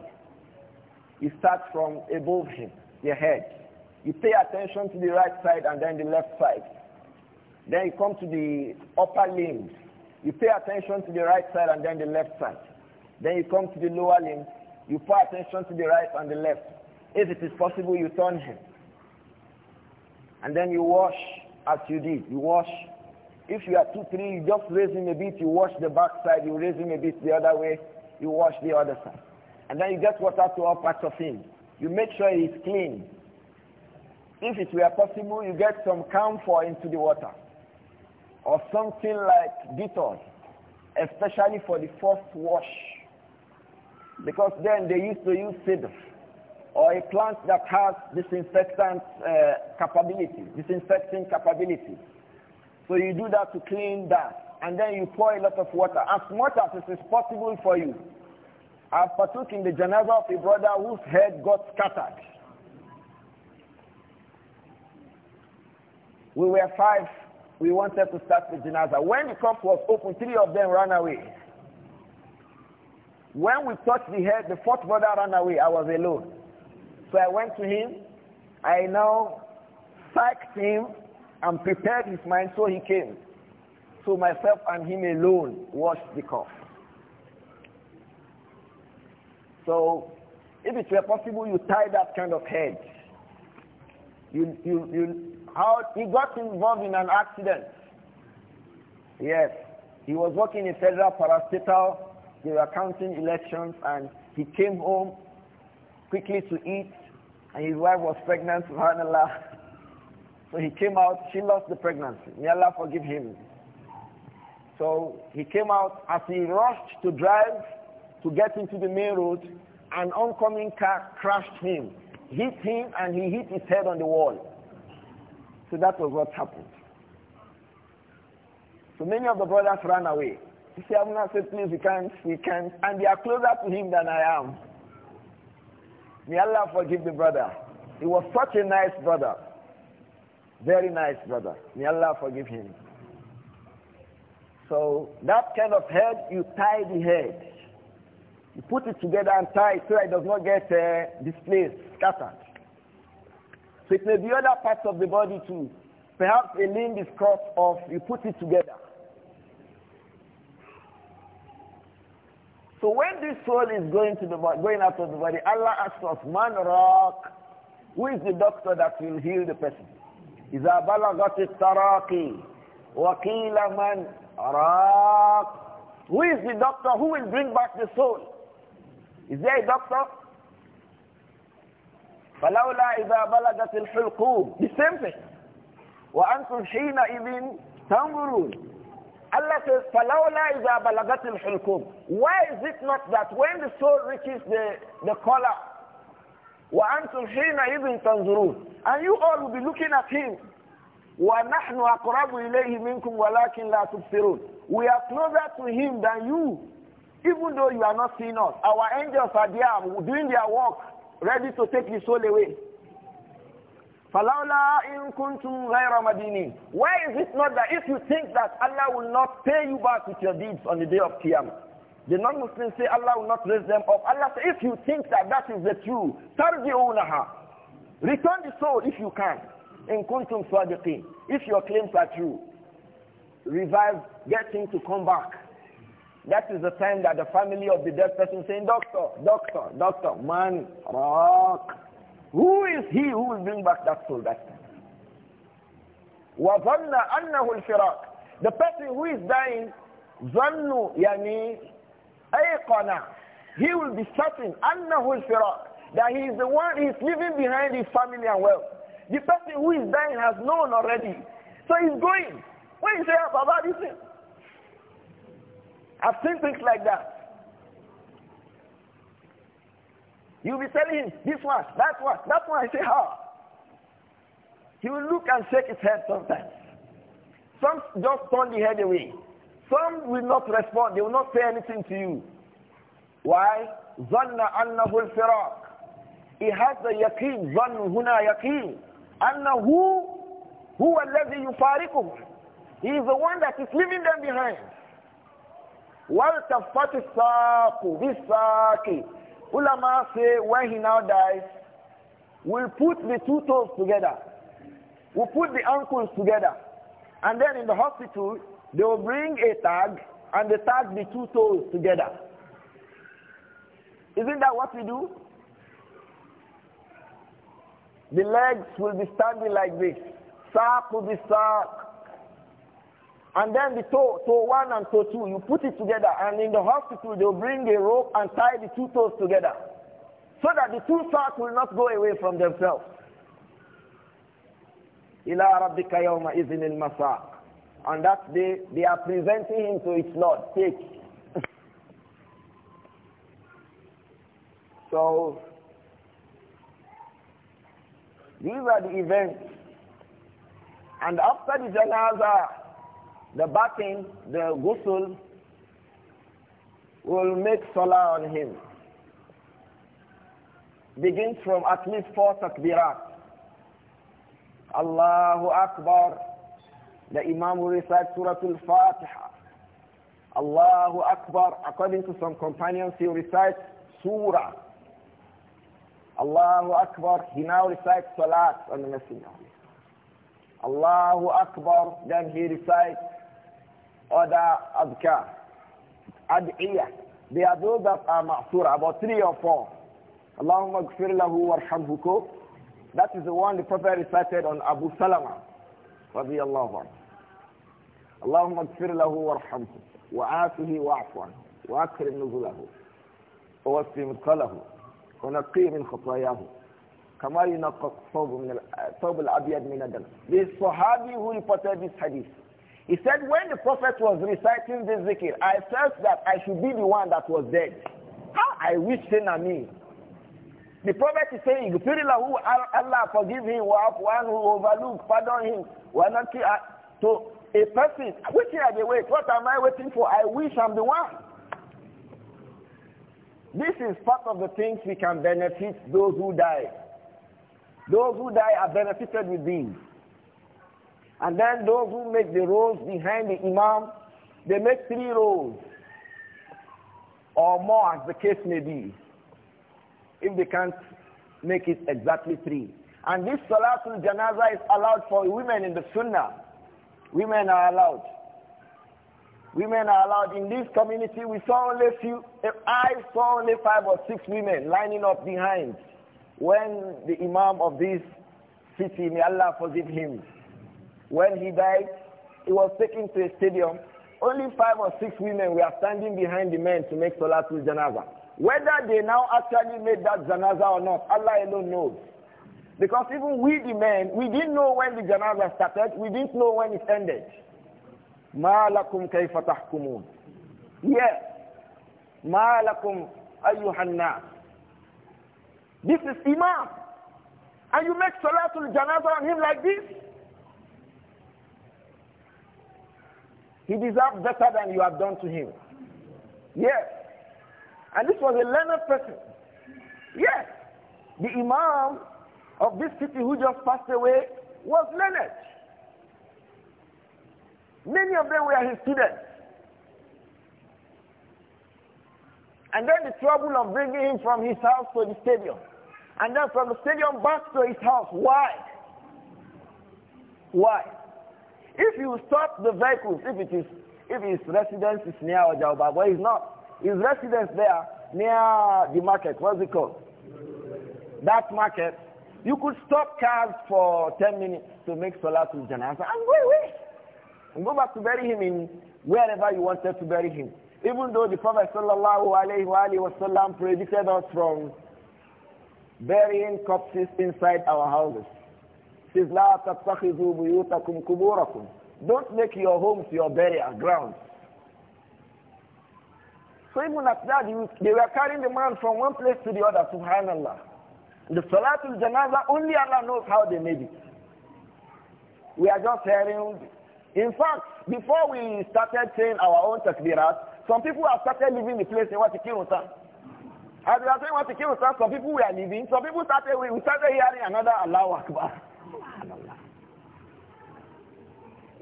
You start from above him, your head. You pay attention to the right side and then the left side. Then you come to the upper limbs. You pay attention to the right side and then the left side. Then you come to the lower limbs. You pay attention to the right and the left. If it is possible, you turn him. And then you wash as you did. You wash. If you are two, three, you just raise him a bit, you wash the back side, you raise him a bit the other way, you wash the other side. And then you get water to all parts of him. You make sure he is clean. If it were possible, you get some camphor into the water. Or something like Dettol, especially for the first wash. Because then they used to use cedar or a plant that has disinfectant uh, capability, disinfecting capability. So you do that to clean that, and then you pour a lot of water, as much as it is possible for you. I partook in the janaza of a brother whose head got scattered. We were five. We wanted to start the janaza. When the cup was open, three of them ran away. When we touched the head, the fourth brother ran away. I was alone. So I went to him. I now packed him and prepared his mind so he came. So myself and him alone washed the car. So if it were possible, you tie that kind of head. You, you, you, how, he got involved in an accident. Yes, he was working in federal parastatal. They were counting elections and he came home quickly to eat and his wife was pregnant, subhanallah. So he came out, she lost the pregnancy. May Allah forgive him. So he came out as he rushed to drive to get into the main road, an oncoming car crashed him, hit him, and he hit his head on the wall. So that was what happened. So many of the brothers ran away. You see, "I'm not saying, please, we can't, we can't. And they are closer to him than I am. May Allah forgive the brother. He was such a nice brother. Very nice brother. May Allah forgive him. So that kind of head, you tie the head. You put it together and tie it so it does not get uh, displaced, scattered. So it may be other parts of the body too. Perhaps a limb is cut off, you put it together. So when this soul is going to the body, going out of the body, Allah asks us, man rock, who is the doctor that will heal the person? إذا بلغت taraki, وقيل man راق Who is the doctor who will bring back the soul? Is there a doctor? فلولا إذا بلغت الحلقوم The same thing. وأنتم حينئذ تنظرون Allah says, فَلَوْلَا إِذَا بَلَغَتِ الْحُلْكُمْ Why is it not that when the soul reaches the, the collar, وَأَنْتُمْ حِينَ إِذٍ تَنْظُرُونَ And you all will be looking at him. وَنَحْنُ أَقْرَبُ إِلَيْهِ مِنْكُمْ وَلَكِنْ لَا تُبْصِرُونَ We are closer to him than you, even though you are not seeing us. Our angels are there doing their work, ready to take his soul away. Falaula in kuntum ghayra madinin. Why is it not that if you think that Allah will not pay you back with your deeds on the day of Qiyamah? The non-Muslims say Allah will not raise them up. Allah says, if you think that that is the truth, tarji'unaha. Return the soul if you can. In kuntum swadiqin. If your claims are true. Revive, get him to come back. That is the time that the family of the dead person saying, doctor, doctor, doctor, man, rock. Who is he who will bring back that soul that وَظَنَّ أَنَّهُ الْفِرَاقِ The person who is dying, ظَنُّ يعني أَيْقَنَ He will be certain أَنَّهُ الْفِرَاقِ That he is the one, he is leaving behind his family and wealth. The person who is dying has known already. So he's going. When you say, ah, this thing? I've seen things like that. You'll be telling him, this one, that one, that one. I say, how? He will look and shake his head sometimes. Some just turn the head away. Some will not respond. They will not say anything to you. Why? ظَنَّ أَنَّهُ الْفِرَاقِ He has the yaqeen. Anna who? yaqeen. أَنَّهُ هُوَ الَّذِي يُفَارِقُهُ He is the one that is leaving them behind. وَالْتَفَّتِ السَّاقُ بِالسَّاقِ Ulama say when he now dies, we'll put the two toes together. We'll put the ankles together. And then in the hospital, they will bring a tag and they tag the two toes together. Isn't that what we do? The legs will be standing like this. Sack will be sack. And then the toe, toe one and toe two, you put it together. And in the hospital, they'll bring a rope and tie the two toes together. So that the two socks will not go away from themselves. إِلَىٰ is in the الْمَسَاقِ On that day, they are presenting him to his Lord. Take. so, these are the events. And after the janazah, the bathing, the ghusl, will make salah on him. Begins from at least four takbirat. Allahu Akbar. The Imam will recite Surah Al-Fatiha. Allahu Akbar. According to some companions, he recites Surah. Allahu Akbar. He now recites Salat on the Messenger. Allahu Akbar. Then he recites أدا أذكى أدعية بأذوب أبقى معصور about three or four اللهم اغفر له وارحمه كو That is the one the Prophet recited on Abu Salama رضي الله عنه اللهم اغفر له وارحمه وآته وعفو عنه وأكرم نزله ووفي مثقله ونقي من خطاياه كما ينقى الثوب من الثوب الأبيض من الدم. This Sahabi who reported this hadith He said, when the prophet was reciting this zikr, I felt that I should be the one that was dead. How I wish me. The prophet is saying, Allah forgive him, one who overlook, pardon him, wa to ah, a person, which are they wait, what am I waiting for? I wish I'm the one. This is part of the things we can benefit those who die. Those who die are benefited with these. And then those who make the rows behind the imam, they make three rows or more as the case may be. If they can't make it exactly three. And this Salatul Janaza is allowed for women in the Sunnah. Women are allowed. Women are allowed. In this community, we saw only few, I saw only five or six women lining up behind when the Imam of this city, may Allah forgive him, when he died, he was taken to a stadium. Only five or six women were standing behind the men to make Salatul Janaza. Whether they now actually made that Janaza or not, Allah alone knows. Because even we the men, we didn't know when the Janaza started, we didn't know when it ended. مَا لَكُمْ كَيْفَ تَحْكُمُونَ Yes. مَا لَكُمْ أَيُّهَا النَّاسِ This is Imam. And you make Salatul Janaza on him like this? He deserves better than you have done to him. Yes. And this was a learned person. Yes. The Imam of this city who just passed away was learned. Many of them were his students. And then the trouble of bringing him from his house to the stadium. And then from the stadium back to his house. Why? Why? If you stop the vehicles, if it is if his residence is near Ojaoba, but he's not. His residence there near the market, what's it called? That market. You could stop cars for 10 minutes to make solar to Jannah. and go away. And go back to bury him in wherever you wanted to bury him. Even though the Prophet sallallahu alayhi wasallam predicted us from burying corpses inside our houses says, La tattakhidhu buyutakum Don't make your homes your burial grounds. So even at that, they were carrying the man from one place to the other, subhanallah. The Salatul Janaza, only Allah knows how they made it. We are just hearing. In fact, before we started saying our own takbirat, some people have started leaving the place to kill us? As we are saying us? some people were leaving, some people started, we started hearing another Allah Akbar.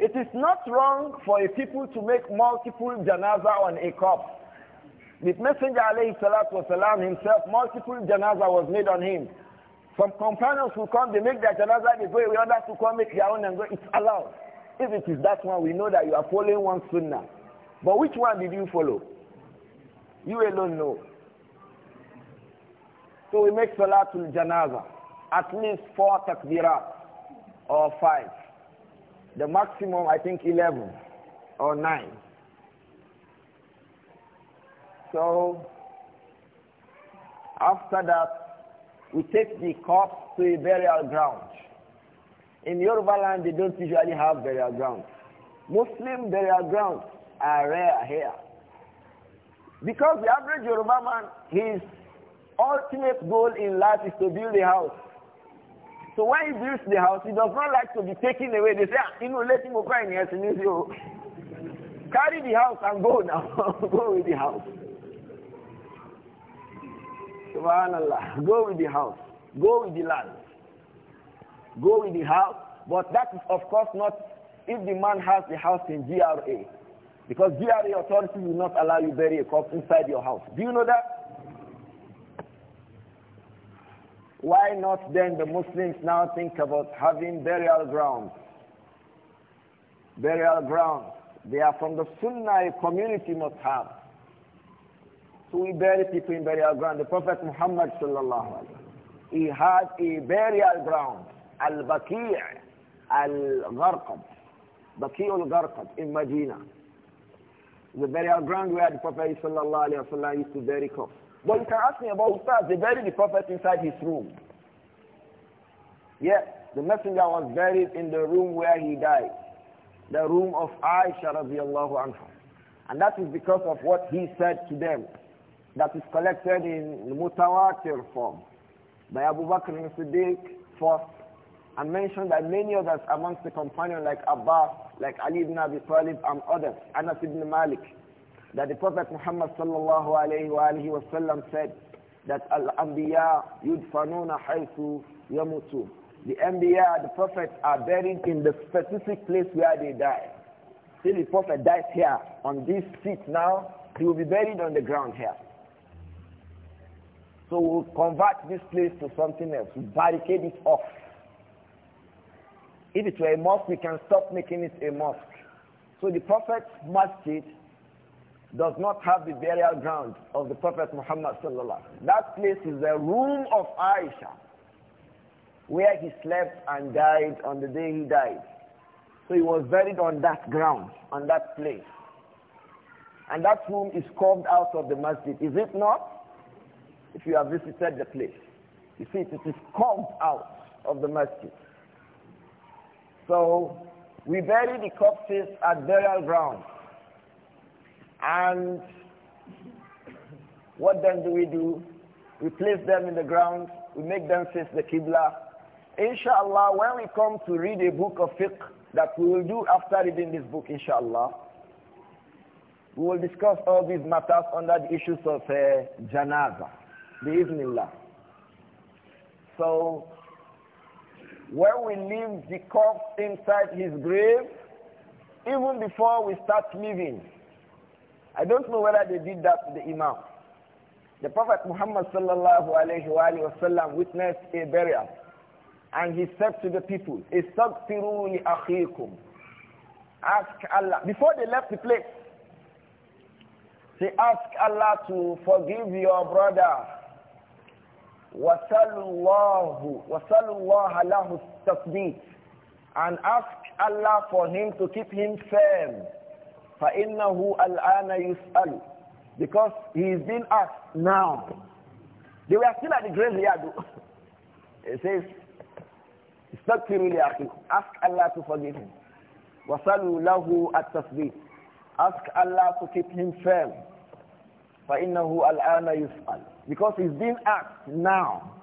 It is not wrong for a people to make multiple janaza on a corpse. The Messenger alayhi salatu himself, multiple janaza was made on him. Some companions who come, they make their janaza, they go away, others who come make their own and go, it's allowed. If it is that one, we know that you are following one sunnah. But which one did you follow? You alone know. So we make salatul janaza, at least four takbirat or five. The maximum, I think, 11 or 9. So, after that, we take the corpse to a burial ground. In Yoruba land, they don't usually have burial grounds. Muslim burial grounds are rare here. Because the average Yoruba man, his ultimate goal in life is to build a house. So when he builds the house, he does not like to be taken away. They say, you know, let him go in yes, and you carry the house and go now. go with the house. Subhanallah. Go with the house. Go with the land. Go with the house. But that is of course not if the man has the house in GRA. Because GRA authorities will not allow you bury a corpse inside your house. Do you know that? Why not then the Muslims now think about having burial grounds? Burial grounds. They are from the Sunnah community must have. So we bury people in burial ground. The Prophet Muhammad sallallahu he had a burial ground, Al-Baqi' Al-Gharqab, baqir Al-Gharqab in Medina. The burial ground where the Prophet sallallahu used to bury corpses. But you can ask me about Ustaz. They buried the prophet inside his room. Yes, the messenger was buried in the room where he died. The room of Aisha radiallahu anha. And that is because of what he said to them. That is collected in mutawatir form by Abu Bakr al-Siddiq first and mentioned by many others amongst the companions like Abbas, like Ali ibn Abi Talib and others, Anas ibn Malik, that the Prophet Muhammad sallallahu alayhi wa alihi wasallam said that al-anbiya yudfanuna haythu yamutu. The anbiya, the prophets are buried in the specific place where they die. See, the prophet dies here on this seat now, he will be buried on the ground here. So we'll convert this place to something else. we will barricade it off. If it were a mosque, we can stop making it a mosque. So the prophet's masjid does not have the burial ground of the Prophet Muhammad sallallahu That place is the room of Aisha, where he slept and died on the day he died. So he was buried on that ground, on that place. And that room is carved out of the masjid, is it not? If you have visited the place. You see, it is carved out of the masjid. So we bury the corpses at burial grounds. And what then do we do? We place them in the ground. We make them face the Qibla. Inshallah, when we come to read a book of fiqh that we will do after reading this book, inshallah, we will discuss all these matters under the issues of uh, janaza, biiznillah. So, when we leave the corpse inside his grave, even before we start living, I don't know whether they did that to the Imam. The Prophet Muhammad sallallahu alayhi wa sallam witnessed a burial. And he said to the people, li akhikum. Ask Allah. Before they left the place, Say, asked Allah to forgive your brother. وَسَلُّ اللَّهَ لَهُ التَّصْدِيقِ And ask Allah for him to keep him firm فَإِنَّهُ الْآنَ يُسْأَلُ Because he is being asked now. They were still at the graveyard. it says, استغفروا لأخيكم Ask Allah to forgive him. وَصَلُوا لَهُ التَّثْبِيتِ Ask Allah to keep him firm. فَإِنَّهُ الْآنَ يُسْأَلُ Because he's being asked now.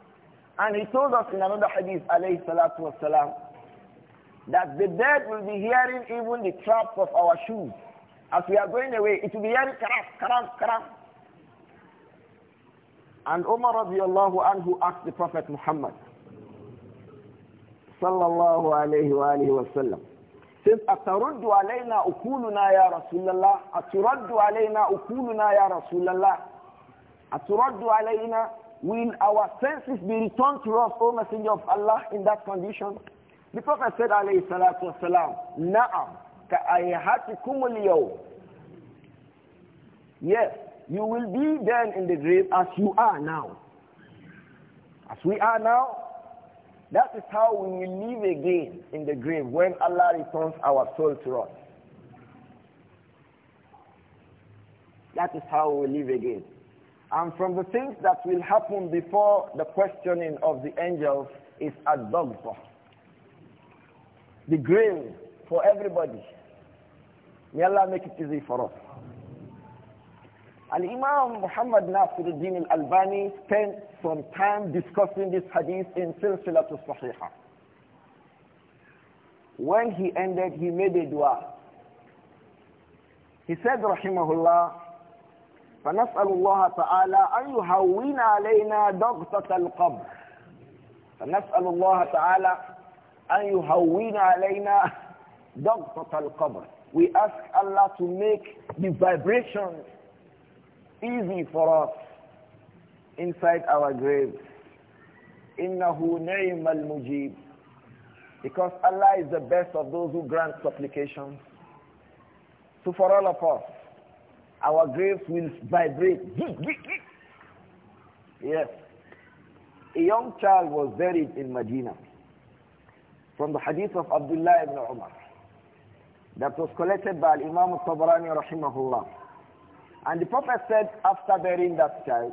And he told us in another hadith, alayhi salatu wasalam, that the dead will be hearing even the traps of our shoes. As we are going away, it will be very karam, karam, karam. And Umar radiallahu anhu asked the Prophet Muhammad sallallahu alayhi wa alihi wa sallam says, أَتَرُدُّ عَلَيْنَا أُكُولُنَا يَا رَسُولَ اللَّهِ أَتُرَدُّ عَلَيْنَا أُكُولُنَا يَا رَسُولَ اللَّهِ أَتُرَدُّ عَلَيْنَا Will our senses be returned to us, O Messenger of Allah, in that condition? The Prophet said, alayhi salatu salam. Na'am. كَأَيْهَاتِكُمُ الْيَوْمِ Yes, you will be then in the grave as you are now. As we are now, that is how we will live again in the grave when Allah returns our soul to us. That is how we live again. And from the things that will happen before the questioning of the angels is a dogma. The grave for everybody. May Allah make it easy for us. Al-Imam Muhammad Nasiruddin al-Albani spent some time discussing this hadith in Silsilatul Sahihah. When he ended, he made a dua. He said, Rahimahullah, فنسأل الله تعالى أن يهون علينا ضغطة القبر فنسأل الله تعالى أن يهون علينا ضغطة القبر we ask Allah to make the vibrations easy for us inside our graves. Innahu naim al mujib. Because Allah is the best of those who grant supplications. So for all of us, our graves will vibrate. yes. A young child was buried in Medina from the hadith of Abdullah ibn Umar that was collected by Imam Tabarani rahimahullah. And the Prophet said after burying that child,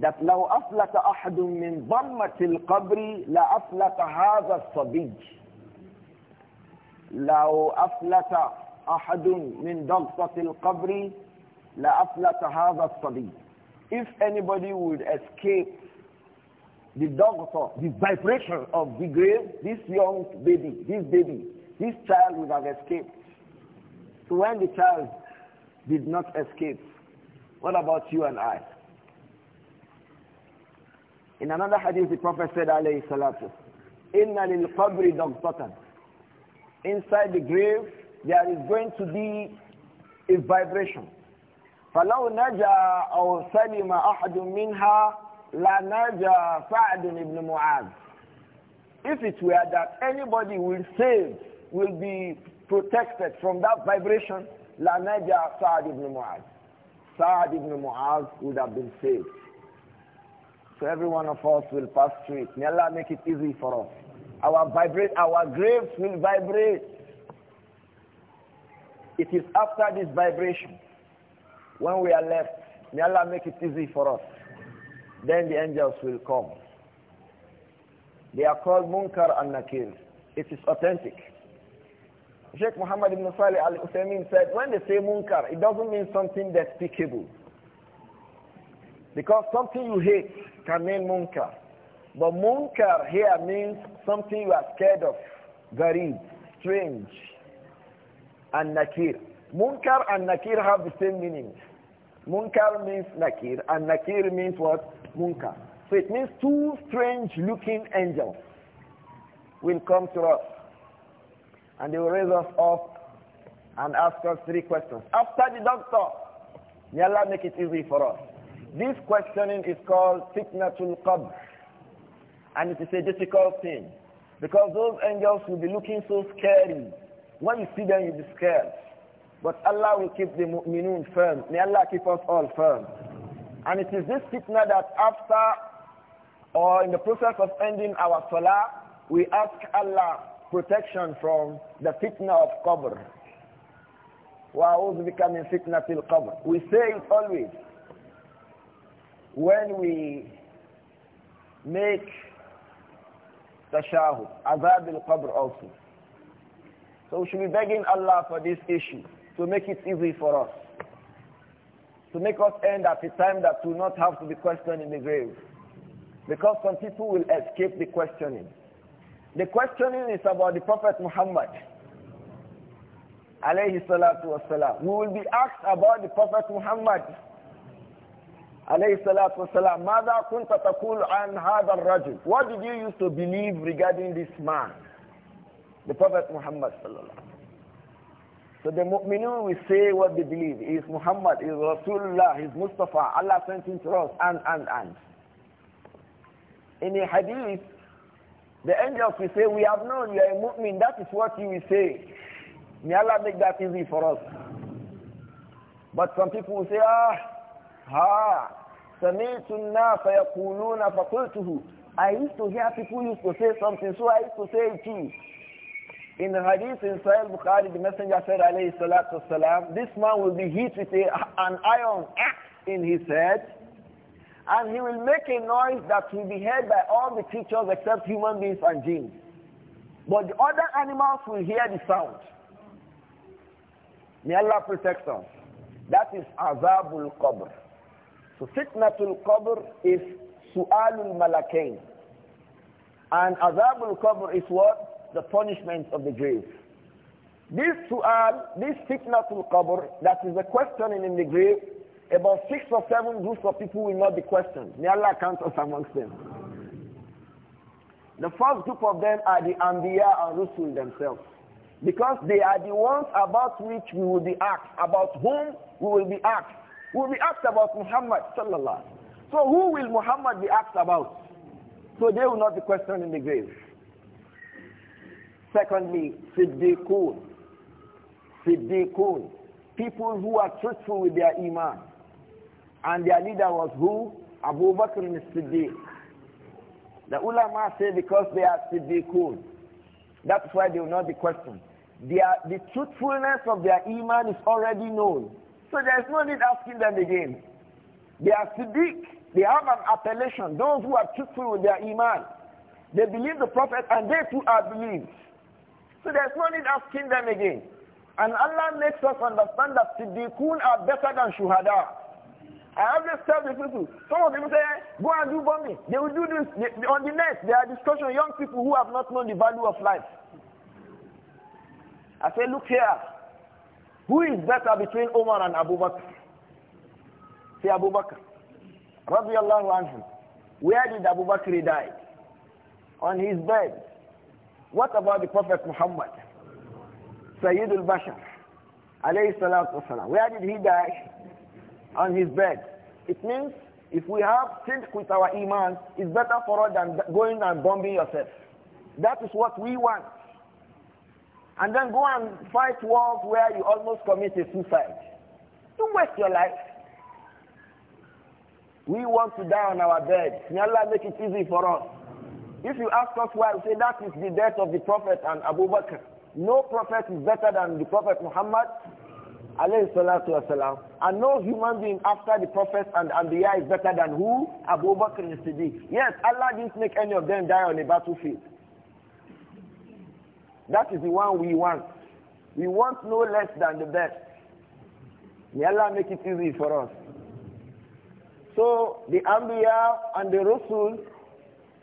that لو أفلت أحد من ضمة القبر لأفلت هذا الصبي. لو أفلت أحد من ضغطة القبر لأفلت هذا الصبي. If anybody would escape the doctor, the vibration of the grave, this young baby, this baby, this child would have escaped. So when the child did not escape, what about you and I? In another hadith, the Prophet said, alayhi salatu, Inna lil qabri dogtatan. Inside the grave, there is going to be a vibration. فَلَوْ نَجَى أَوْ سَلِمَ أَحَدٌ مِنْهَا لَنَجَى faadun ibn Mu'adh. If it were that anybody will save, will be protected from that vibration, La Naja Sa'ad ibn Mu'az. Sa'ad ibn Mu'az would have been saved. So every one of us will pass through it. May Allah make it easy for us. Our, vibrate, our graves will vibrate. It is after this vibration, when we are left, may Allah make it easy for us. Then the angels will come. They are called Munkar and Nakir. It is authentic. Sheikh Muhammad ibn Salih al Uthaymeen said, when they say munkar, it doesn't mean something despicable. Because something you hate can mean munkar. But munkar here means something you are scared of, garib, strange, and nakir. Munkar and nakir have the same meaning. Munkar means nakir, and nakir means what? Munkar. So it means two strange looking angels will come to us and they will raise us up and ask us three questions. After the doctor, may Allah make it easy for us. This questioning is called fitnatul qabr. And it is a difficult thing. Because those angels will be looking so scary. When you see them, you'll be scared. But Allah will keep the mu'minun firm. May Allah keep us all firm. And it is this fitna that after or in the process of ending our salah, we ask Allah protection from the fitna of qabr. وَأَعُوذُ بِكَ مِنْ فِتْنَةِ الْقَبْرِ We say it always. When we make tashahud, azab al-qabr also. So we should be begging Allah for this issue, to make it easy for us. To make us end at a time that will not have to be questioned in the grave. Because some people will escape the questioning. The questioning is about the Prophet Muhammad. Alayhi salatu wasalam. We will be asked about the Prophet Muhammad. Alayhi salatu wasalam. Mada kunta taqul an hadha rajul What did you used to believe regarding this man? The Prophet Muhammad sallallahu so the mu'minun will say what they believe. is Muhammad, is Rasulullah, is Mustafa, Allah sent him to us, and, and, and. In a hadith, the angels will say, we have known you are a mu'min. That is what you will say. May Allah make that easy for us. But some people will say, ah, ha, سمعت الناس يقولون فقلته I used to hear people used to say something, so I used to say it too. In the hadith in Sahih Bukhari, the messenger said, alayhi salatu Salam." this man will be hit with a, an iron axe in his head. And he will make a noise that will be heard by all the creatures except human beings and jinn. But the other animals will hear the sound. May Allah protect us. That is Azabul Qabr. So Fitnatul Qabr is Su'alul Malakain. And Azabul Qabr is what? The punishment of the grave. This Su'al, this Fitnatul Qabr, that is the questioning in the grave, about six or seven groups of people will not be questioned. May Allah count us amongst them. The first group of them are the Anbiya and Rusul themselves. Because they are the ones about which we will be asked, about whom we will be asked. We will be asked about Muhammad sallallahu So who will Muhammad be asked about? So they will not be questioned in the grave. Secondly, Siddiqun. Siddiqun. People who are truthful with their iman. And their leader was who? Abu Bakr al-Siddiq. The ulama say because they are Siddiqun. That's why they will not be questioned. Their, the truthfulness of their iman is already known. So there is no need asking them again. They are Siddiq. They have an appellation. Those who are truthful with their iman. They believe the Prophet and they too are believed. So there's no need asking them again. And Allah makes us understand that Siddiqun are better than Shuhada. I always tell the people, some of them say, go and do bombing. They will do this. They, on the net, there are discussion young people who have not known the value of life. I say, look here. Who is better between Omar and Abu Bakr? Say Abu Bakr. Radiallahu anhu. Where did Abu Bakr die? On his bed. What about the Prophet Muhammad? Sayyid al-Bashar. Alayhi Where did he die? On his bed. It means if we have sidq with our iman, it's better for us than going and bombing yourself. That is what we want. And then go and fight wars where you almost commit a suicide. Don't waste your life. We want to die on our bed. May Allah make it easy for us. If you ask us why, we say that is the death of the Prophet and Abu Bakr. No prophet is better than the Prophet Muhammad alayhi and no human being after the prophet and Anbiya is better than who? Abu Bakr and Siddiq. Yes, Allah didn't make any of them die on a battlefield. That is the one we want. We want no less than the best. May Allah make it easy for us. So the Anbiya and the Rasul,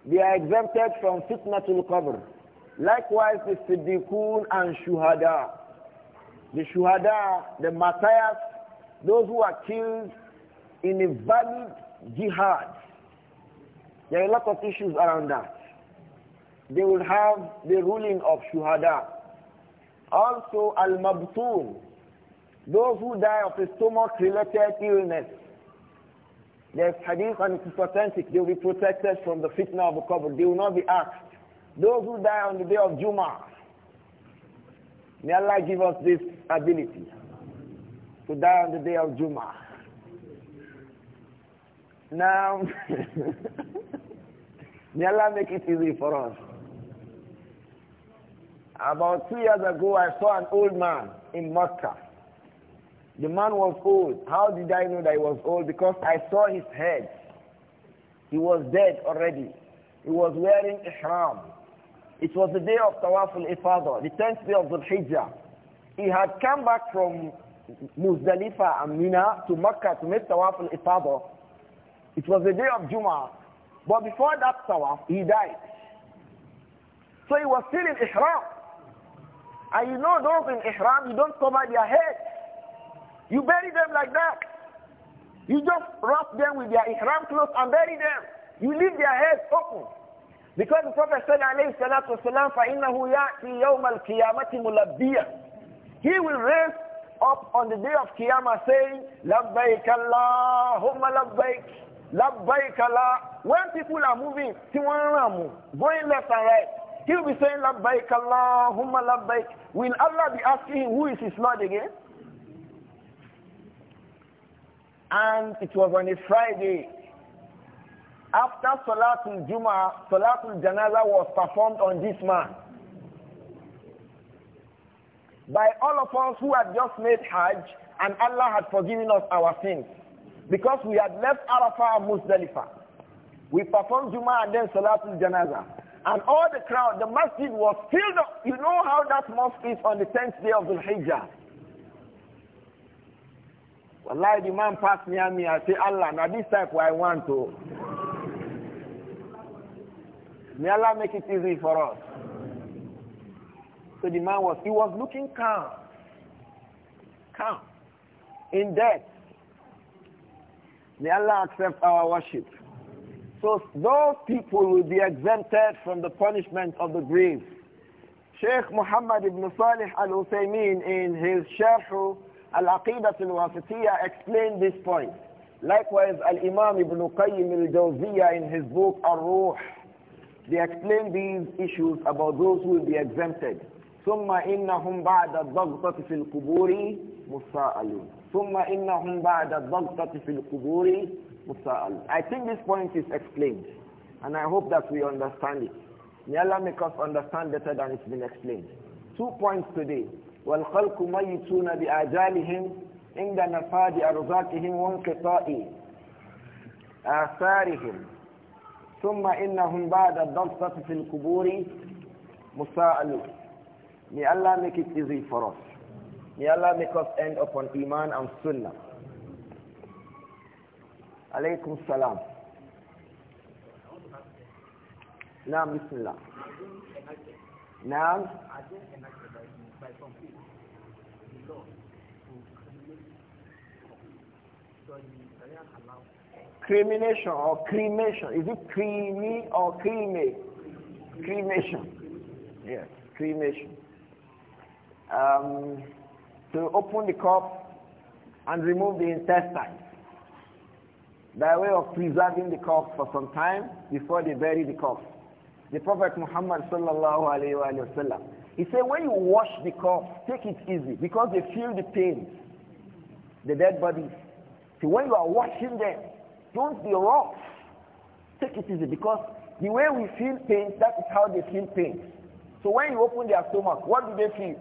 they are exempted from fitnatul qabr. Likewise the Siddiqun and Shuhada the shuhada, the martyrs, those who are killed in a valid jihad. There are a lot of issues around that. They will have the ruling of shuhada. Also al-mabtun, those who die of a stomach-related illness. There's hadith and it's authentic. They will be protected from the fitna of the cover. They will not be asked. Those who die on the day of Jum'ah, May Allah give us this ability to die on the day of Jummah. Now, may Allah make it easy for us. About two years ago, I saw an old man in Mecca. The man was old. How did I know that he was old? Because I saw his head. He was dead already. He was wearing ihram. It was the day of Tawaf al-Ifadah, the 10th day of Dhul Hijjah. He had come back from Muzdalifah and Mina to Makkah to make Tawaf al-Ifadah. It was the day of Jum'ah. But before that Tawaf, he died. So he was still in Ihram. And you know those in Ihram, you don't cover their heads. You bury them like that. You just wrap them with their Ihram clothes and bury them. You leave their heads open. Because the Prophet said, alayhi salatu wasalam, فَإِنَّهُ يَأْتِي يَوْمَ الْقِيَامَةِ مُلَبِّيًا He will raise up on the day of Qiyamah saying, لَبَّيْكَ اللَّهُمَّ لَبَّيْكَ لَبَّيْكَ لَا When people are moving, going left and right, he will be saying, لَبَّيْكَ اللَّهُمَّ لَبَّيْكَ Will Allah be asking him, who is his Lord again? And it was on a Friday, after Salatul Juma, Salatul Janaza was performed on this man. By all of us who had just made Hajj and Allah had forgiven us our sins. Because we had left Arafah and Muzdalifah. We performed Juma and then Salatul Janaza. And all the crowd, the masjid was filled up. You know how that mosque is on the 10th day of the Hijjah. Wallahi, the man passed near me. I say, Allah, now this type I want to. May Allah make it easy for us. So the man was, he was looking calm. Calm. In death, May Allah accept our worship. So those people will be exempted from the punishment of the grave. Sheikh Muhammad ibn Salih al-Uthaymeen in his Sharh al-Aqidah al-Wasitiyah explained this point. Likewise, Al-Imam ibn Qayyim al-Jawziyah in his book Ar-Ruh they explain these issues about those who will be exempted. ثم إنهم بعد الضغطة في القبور مساءلون ثم إنهم بعد الضغطة في القبور مساءلون I think this point is explained and I hope that we understand it. May Allah make us understand better than it's been explained. Two points today. والخلق ميتون بآجالهم عند نفاد أرزاقهم وانقطاع آثارهم ثم إنهم بعد الضلطة في القبور مساءلون May Allah make it easy for us. May Allah make us end up on Iman and Sunnah. Alaykum salam. Naam, Bismillah. Naam. Cremation or cremation. Is it creamy or creamy? Cremation. Yes, cremation. Um, to open the cup and remove the intestines by way of preserving the corpse for some time before they bury the corpse. The Prophet Muhammad sallallahu alayhi wasallam, he said, when you wash the corpse, take it easy because they feel the pain, the dead bodies. So when you are washing them, don't be rough. Take it easy because the way we feel pain, that is how they feel pain. So when you open their stomach, what do they feel?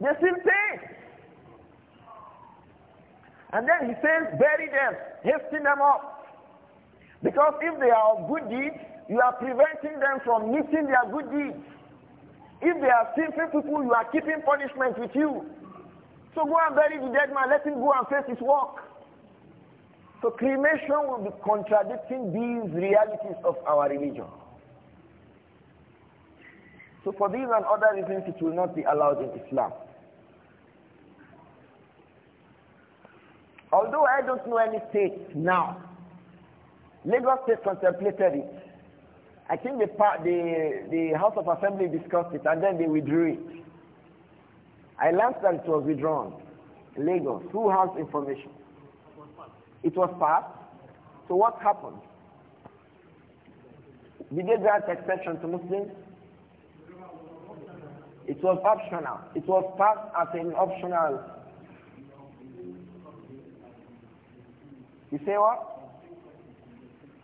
They feel pain. And then he says, bury them, hasten them up. Because if they are good deeds, you are preventing them from meeting their good deeds. If they are sinful people, you are keeping punishment with you. So go and bury the dead man, let him go and face his work. So cremation will be contradicting these realities of our religion. So for these and other reasons, it will not be allowed in Islam. Although I don't know any state now, Lagos State contemplated it. I think the, the, the House of Assembly discussed it and then they withdrew it. I learned that it was withdrawn. Lagos, who has information? It was passed. So what happened? Did they grant exception to Muslims? It was optional. It was passed as an optional. You say what?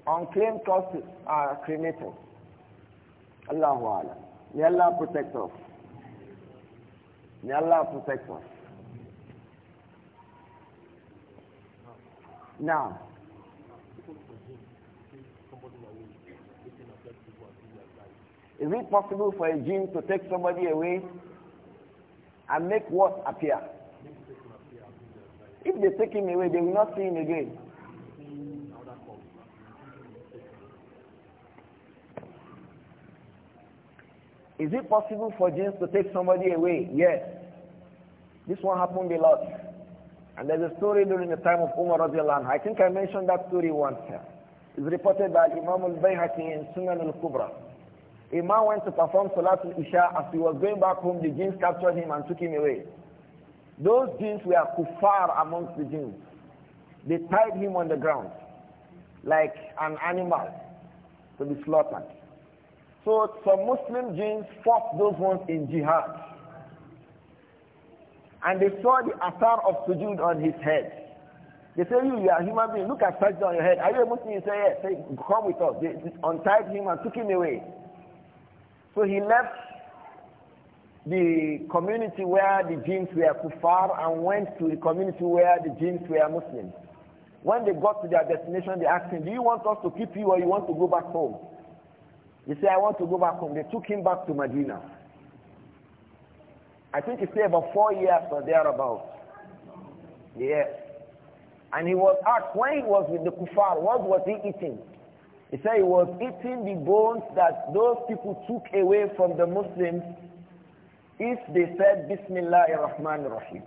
Unclaimed costs are cremated. Allahu Allah. May Allah protect us. May Allah protect us. Now, is it possible for a genie to take somebody away and make what appear? If they take him away, they will not see him again. Is it possible for jinns to take somebody away? Yes. This one happened a lot. And there's a story during the time of Umar radiallahu anhu. I think I mentioned that story once here. It's reported by Imam al-Bayhaqi in Sunan al-Kubra. A man went to perform Salatul Isha. As he was going back home, the jinns captured him and took him away. Those jinns were kuffar amongst the jinns. They tied him on the ground like an animal to be slaughtered. So some Muslim jinns fought those ones in jihad and they saw the asar of sujud on his head. They say, you, you are a human being. Look at sajda on your head. Are you a Muslim? You say, yes. Say, come with us. They untied him and took him away. So he left the community where the jinns were kufar and went to the community where the jinns were Muslims. When they got to their destination, they asked him, do you want us to keep you or you want to go back home? He said, I want to go back home. They took him back to Medina. I think he stayed about four years or thereabouts. Yes. And he was asked, when he was with the kuffar, what was he eating? He said he was eating the bones that those people took away from the Muslims if they said Bismillah ar-Rahman rahim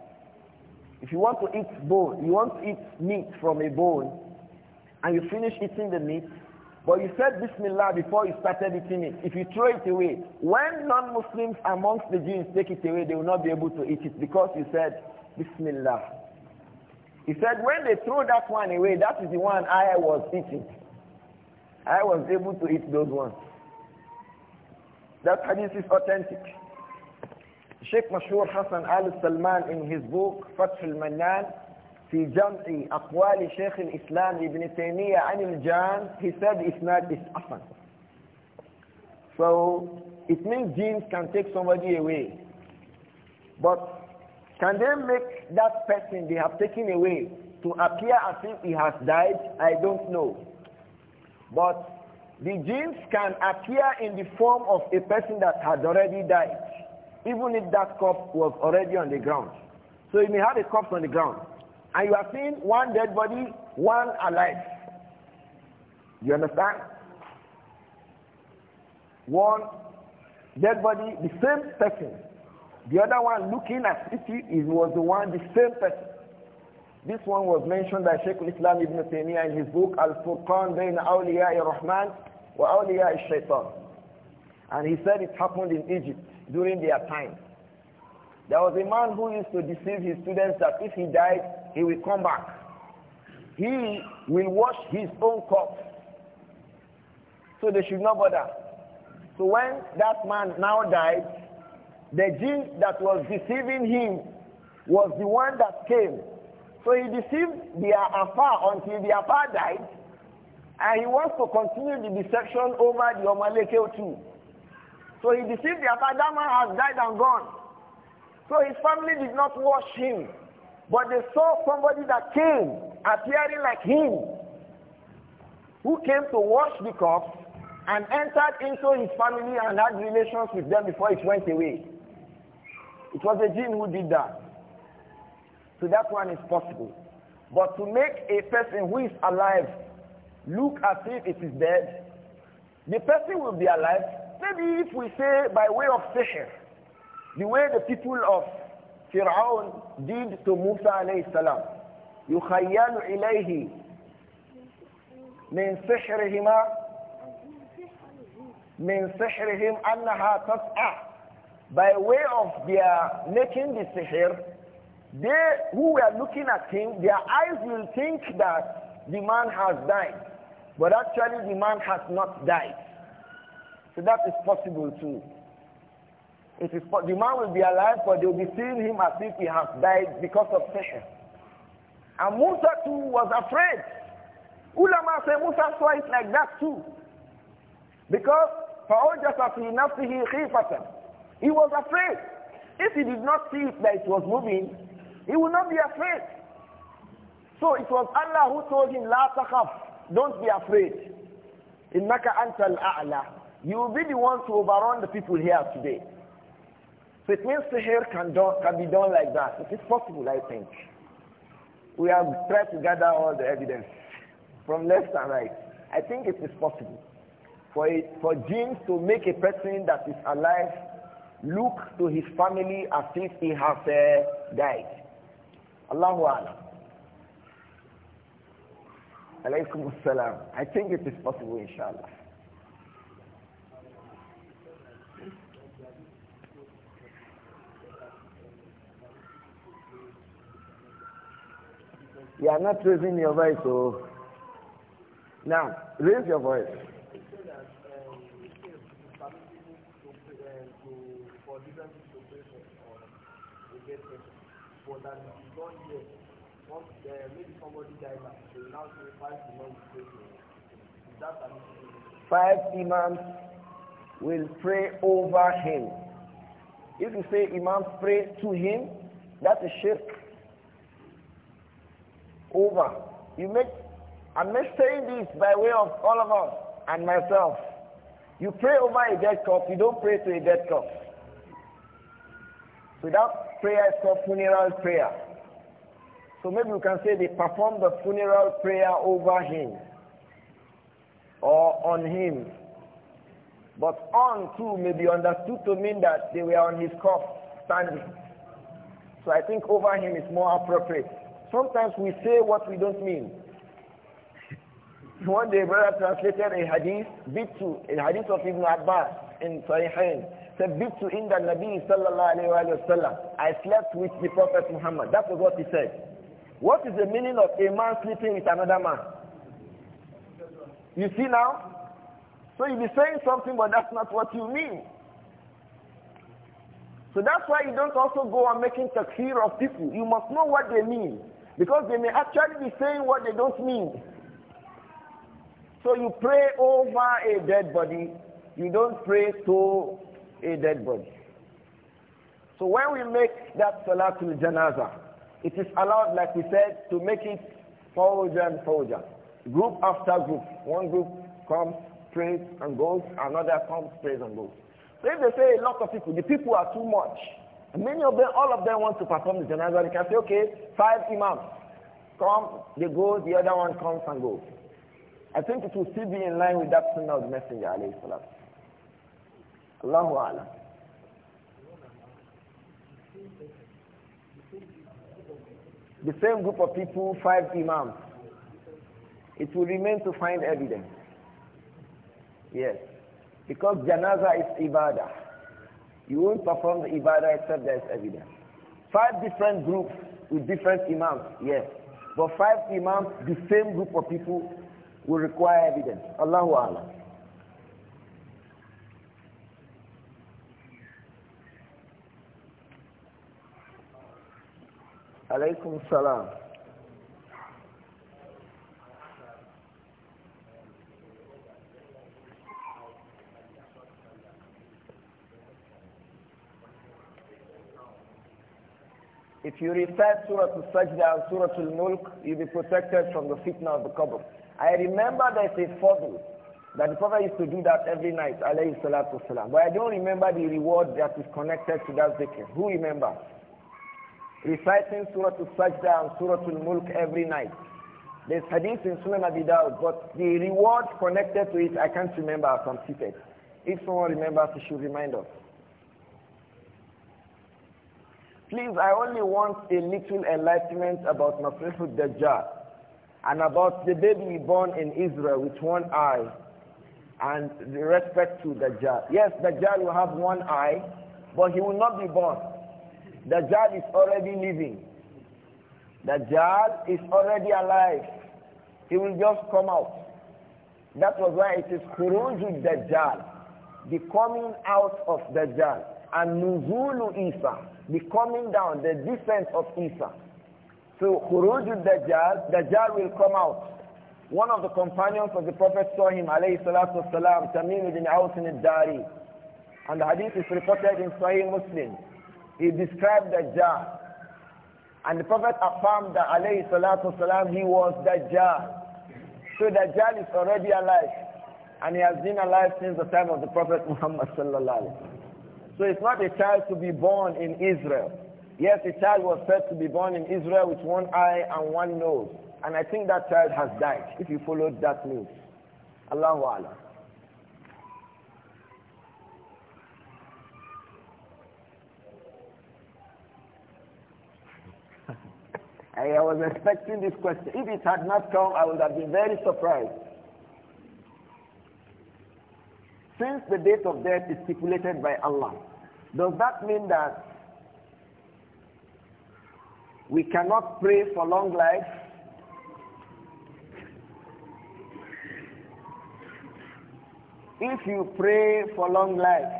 If you want to eat bone, you want to eat meat from a bone, and you finish eating the meat, but you said Bismillah before you started eating it. If you throw it away, when non-Muslims amongst the Jews take it away, they will not be able to eat it because you said Bismillah. He said when they throw that one away, that is the one I was eating. I was able to eat those ones. That hadith is authentic. Sheikh Mashur Hassan Al Salman in his book Fath Manan. في جمع أقوال شيخ الإسلام ابن تيمية عن الجان he said إسناد is حسن so it means genes can take somebody away but can they make that person they have taken away to appear as if he has died I don't know but the genes can appear in the form of a person that had already died even if that corpse was already on the ground so he may have a corpse on the ground and you are seeing one dead body, one alive. You understand? One dead body, the same person. The other one looking at It was the one, the same person. This one was mentioned by Sheikh Islam Ibn Taymiyyah in his book Al-Furqan Bain Awliya Rahman wa Awliya Shaitan. And he said it happened in Egypt during their time. There was a man who used to deceive his students that if he died, he will come back. He will wash his own cup. So they should not bother. So when that man now died, the jinn that was deceiving him was the one that came. So he deceived the Afar until the Afar died, and he wants to continue the deception over the Omalekeo too. So he deceived the Afar. That man has died and gone. So his family did not wash him. But they saw somebody that came, appearing like him, who came to wash the cups and entered into his family and had relations with them before it went away. It was a jinn who did that. So that one is possible. But to make a person who is alive look as if it is dead, the person will be alive. Maybe if we say by way of session. The way the people of Fir'aun did to Musa alayhi salam, يُخَيَّلُ إِلَيْهِ مِنْ سِحْرِهِمَا مِنْ سِحْرِهِمْ أَنَّهَا تَسْعَى By way of their making the sihr, they who were looking at him, their eyes will think that the man has died. But actually the man has not died. So that is possible too. It is the man will be alive, but they will be seeing him as if he has died because of sickness. And Musa too was afraid. Ulama say Musa saw it like that too. Because فَأَوْجَسَ فِي نَفْسِهِ after He was afraid. If he did not see it, that it was moving, he would not be afraid. So it was Allah who told him, La تخف تَخَفْ Don't be afraid. إِنَّكَ antal Allah, You will be the one to overrun the people here today. So it means sihr can, do, can be done like that. It is possible, I think. We have tried to gather all the evidence from left and right. I think it is possible for, for genes to make a person that is alive look to his family as if he has uh, died. Allahu Alam. Alaykum as I think it is possible, inshallah. You are not raising your voice, so oh. now raise your voice. maybe somebody now five imams will pray Five imams will pray over him. If you say imams pray to him, that is shirk over. You make, I'm not saying this by way of all of us and myself. You pray over a dead corpse, you don't pray to a dead corpse. Without prayer is called funeral prayer. So maybe you can say they perform the funeral prayer over him or on him. But on too may be understood to mean that they were on his corpse standing. So I think over him is more appropriate. Sometimes we say what we don't mean. One day, brother translated a hadith, bitu, a hadith of Ibn Abbas in Sahihain. Said, bitu inda Nabi sallallahu alayhi wa sallam. I slept with the Prophet Muhammad. That was what he said. What is the meaning of a man sleeping with another man? You see now? So you'll be saying something, but that's not what you mean. So that's why you don't also go on making takfir of people. You must know what they mean. Because they may actually be saying what they don't mean. So you pray over a dead body, you don't pray to a dead body. So when we make that Salatul Janaza, it is allowed, like we said, to make it Fawjan Fawjan. Group after group. One group comes, prays and goes, another comes, prays and goes. So if they say a lot of people, the people are too much, Many of them, all of them want to perform the janazah. They can say, okay, five imams. Come, they go, the other one comes and goes. I think it will still be in line with that sunnah of the Messenger, alayhi salam. Allahu Alam. The same group of people, five imams. It will remain to find evidence. Yes. Because janazah is ibadah. You won't perform the ibadah except there is evidence. Five different groups with different imams, yes. But five imams, the same group of people, will require evidence. Allahu Allah. Alaykum salam. If you recite Surah Al-Sajda and Surah Al-Mulk, you'll be protected from the fitna of the qabr. I remember there's a fadl that the Prophet used to do that every night, alayhi salatu But I don't remember the reward that is connected to that zikr. Who remembers? Reciting Surah Al-Sajda and Surah Al-Mulk every night. There's hadith in Sunan Abi Dawud, but the reward connected to it, I can't remember as i If someone remembers, he should remind us. Please, I only want a little enlightenment about Mephibosheth Dajjal and about the baby born in Israel with one eye and the respect to Dajjal. Yes, Dajjal will have one eye, but he will not be born. Dajjal is already living. Dajjal is already alive. He will just come out. That was why it is Khuruju Dajjal, the coming out of Dajjal, and Nuzulu Isa, the coming down, the descent of Isa. So Khurujud Dajjal, Dajjal will come out. One of the companions of the Prophet saw him, alayhi salatu wasalam, Tamim ibn Aus al-Dari. And the hadith is reported in Sahih Muslim. He described Dajjal. And the Prophet affirmed that alayhi salatu wasalam, he was Dajjal. So Dajjal is already alive. And he has been alive since the time of the Prophet Muhammad sallallahu alayhi wa sallam. So it's not a child to be born in Israel. Yes, a child was said to be born in Israel with one eye and one nose. And I think that child has died, if you followed that news. Allahu Allah. I was expecting this question. If it had not come, I would have been very surprised. Since the date of death is stipulated by Allah, does that mean that we cannot pray for long life? If you pray for long life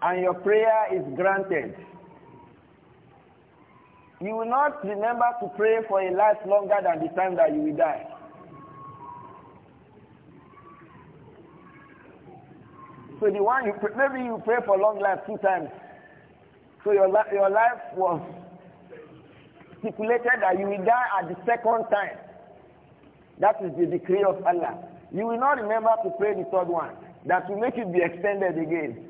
and your prayer is granted, you will not remember to pray for a life longer than the time that you will die. So the one you pray, maybe you pray for long life two times. So your, your life was stipulated that you will die at the second time. That is the decree of Allah. You will not remember to pray the third one. That will make it be extended again.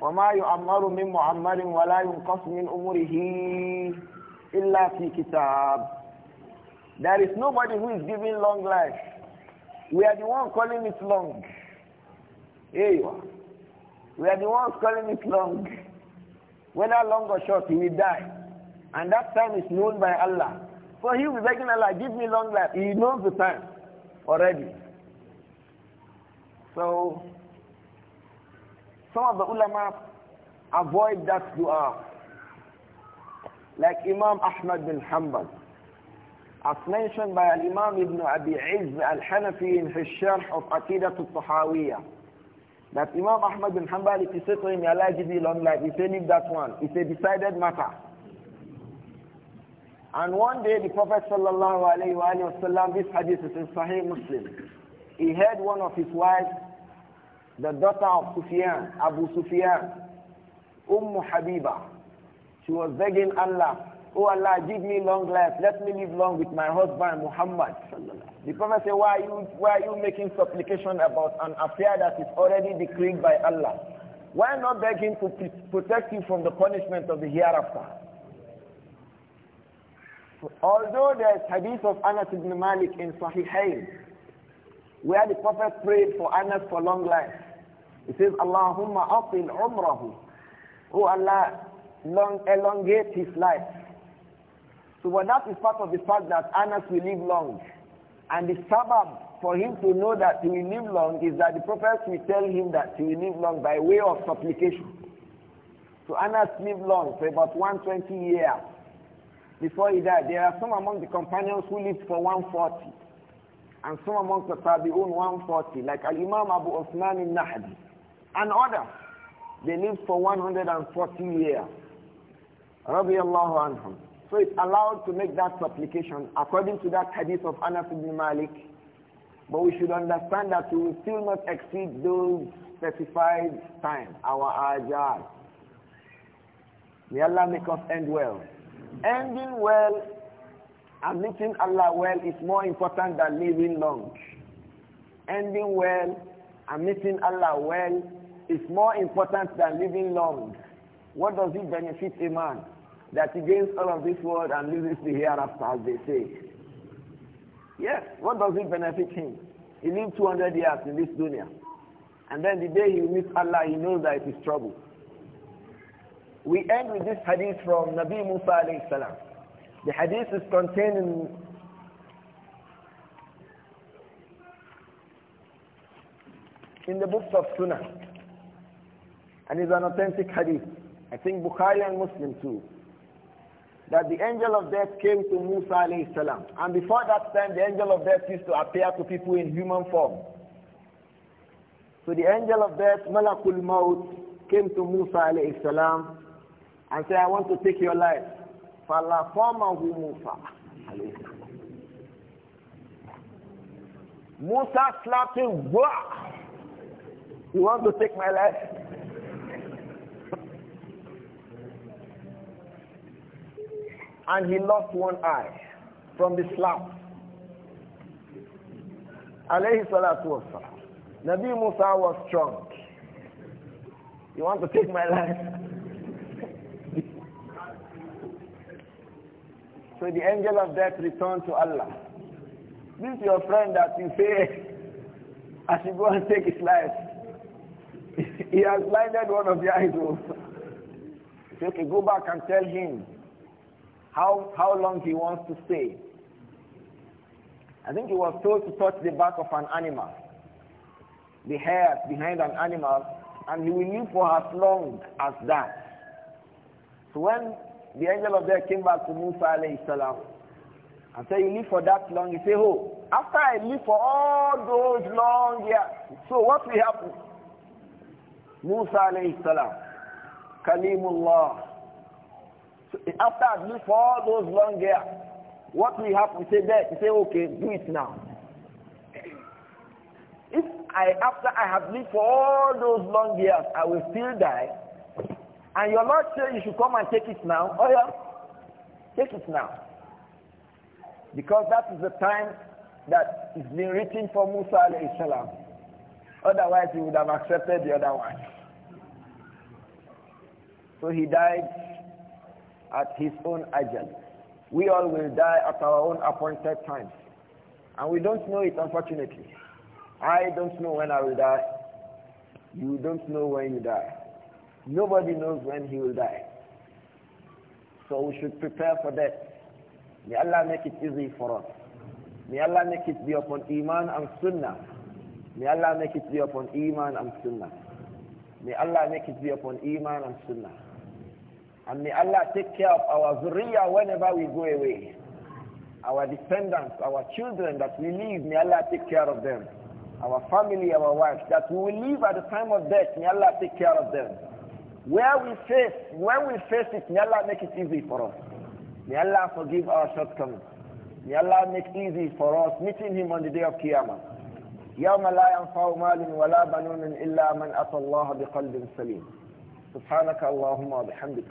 وما يعمر من معمر ولا ينقص من أمره إلا في كتاب There is nobody who is giving long life we are the ones calling it long. Here you are. We are the ones calling it long. Whether long or short, he will die. And that time is known by Allah. So he will be begging Allah, give me long life. He knows the time already. So some of the ulama avoid that dua. Like Imam Ahmad bin Hanbal. As mentioned by Al-Imam Ibn Abi Izz Al-Hanafi in his Sharh of Aqidat al-Tahawiyah, that Imam Ahmad bin Hanbal, if you say to him, Allah give you long life, he say, leave that one. It's a decided matter. And one day the Prophet sallallahu alayhi wa this hadith is in Sahih Muslim. He had one of his wives, the daughter of Sufyan, Abu Sufyan, Umm Habiba. She was begging Allah Oh Allah, give me long life. Let me live long with my husband Muhammad. The Prophet said, why are, you, why are you making supplication about an affair that is already decreed by Allah? Why not beg him to protect you from the punishment of the hereafter? Although there is hadith of Anas ibn Malik in Sahihain, where the Prophet prayed for Anas for long life, he says, Allahumma atil umrahu. Oh Allah, long, elongate his life. So but that is part of the fact that Anas will live long. And the sabab for him to know that he will live long is that the prophets will tell him that he will live long by way of supplication. So Anas lived long for about 120 years before he died. There are some among the companions who lived for 140 and some among the Tabi'un 140 like Al-Imam Abu Osman in nahdi and others. They lived for 140 years. رضي الله عنهم so it's allowed to make that supplication according to that hadith of Anas ibn Malik. But we should understand that we will still not exceed those specified time, our ajar. May Allah make us end well. Ending well and meeting Allah well is more important than living long. Ending well and meeting Allah well is more important than living long. What does it benefit a man? that he gains all of this world and loses the hereafter, as they say. Yes, what does it benefit him? He lived 200 years in this dunya. And then the day he meets Allah, he knows that it is trouble. We end with this hadith from Nabi Musa alayhi salam. The hadith is contained in in the books of Sunnah. And is an authentic hadith. I think Bukhari and Muslim too that the angel of death came to Musa alayhi salam. And before that time, the angel of death used to appear to people in human form. So the angel of death, Malakul Maut, came to Musa alayhi salam and said, I want to take your life. فَلَقَمَهُ Musa alayhi salam. Musa slapped him, Wah! You want to take my life? and he lost one eye from the slap. Alayhi salatu wasalam. Nabi Musa was strong. You want to take my life? so the angel of death returned to Allah. This is your friend that you say, I should go and take his life. he has blinded one of the eyes. It's okay, go back and tell him how, how long he wants to stay. I think he was told to touch the back of an animal, the hair behind an animal, and he will live for as long as that. So when the angel of death came back to Musa alayhi salam and said, you live for that long, he said, oh, after I live for all those long years, so what will happen? Musa alayhi salam, Kalimullah, so after I've lived for all those long years, what will happen? Say that. You say, okay, do it now. If I, after I have lived for all those long years, I will still die, and your Lord says you should come and take it now, oh yeah, take it now. Because that is the time that is been written for Musa alayhi salam. Otherwise, he would have accepted the other one. So he died at his own agenda. We all will die at our own appointed times. And we don't know it, unfortunately. I don't know when I will die. You don't know when you die. Nobody knows when he will die. So we should prepare for that. May Allah make it easy for us. May Allah make it be upon Iman and Sunnah. May Allah make it be upon Iman and Sunnah. May Allah make it be upon Iman and Sunnah. And may Allah take care of our zuriya whenever we go away. Our descendants, our children that we leave, may Allah take care of them. Our family, our wives, that we will leave at the time of death, may Allah take care of them. Where we face, when we face it, may Allah make it easy for us. May Allah forgive our shortcomings. May Allah make easy for us meeting Him on the day of Qiyamah. يوم لا ينفع مال ولا بنون إلا من أتى الله بقلب سليم سبحانك اللهم وبحمدك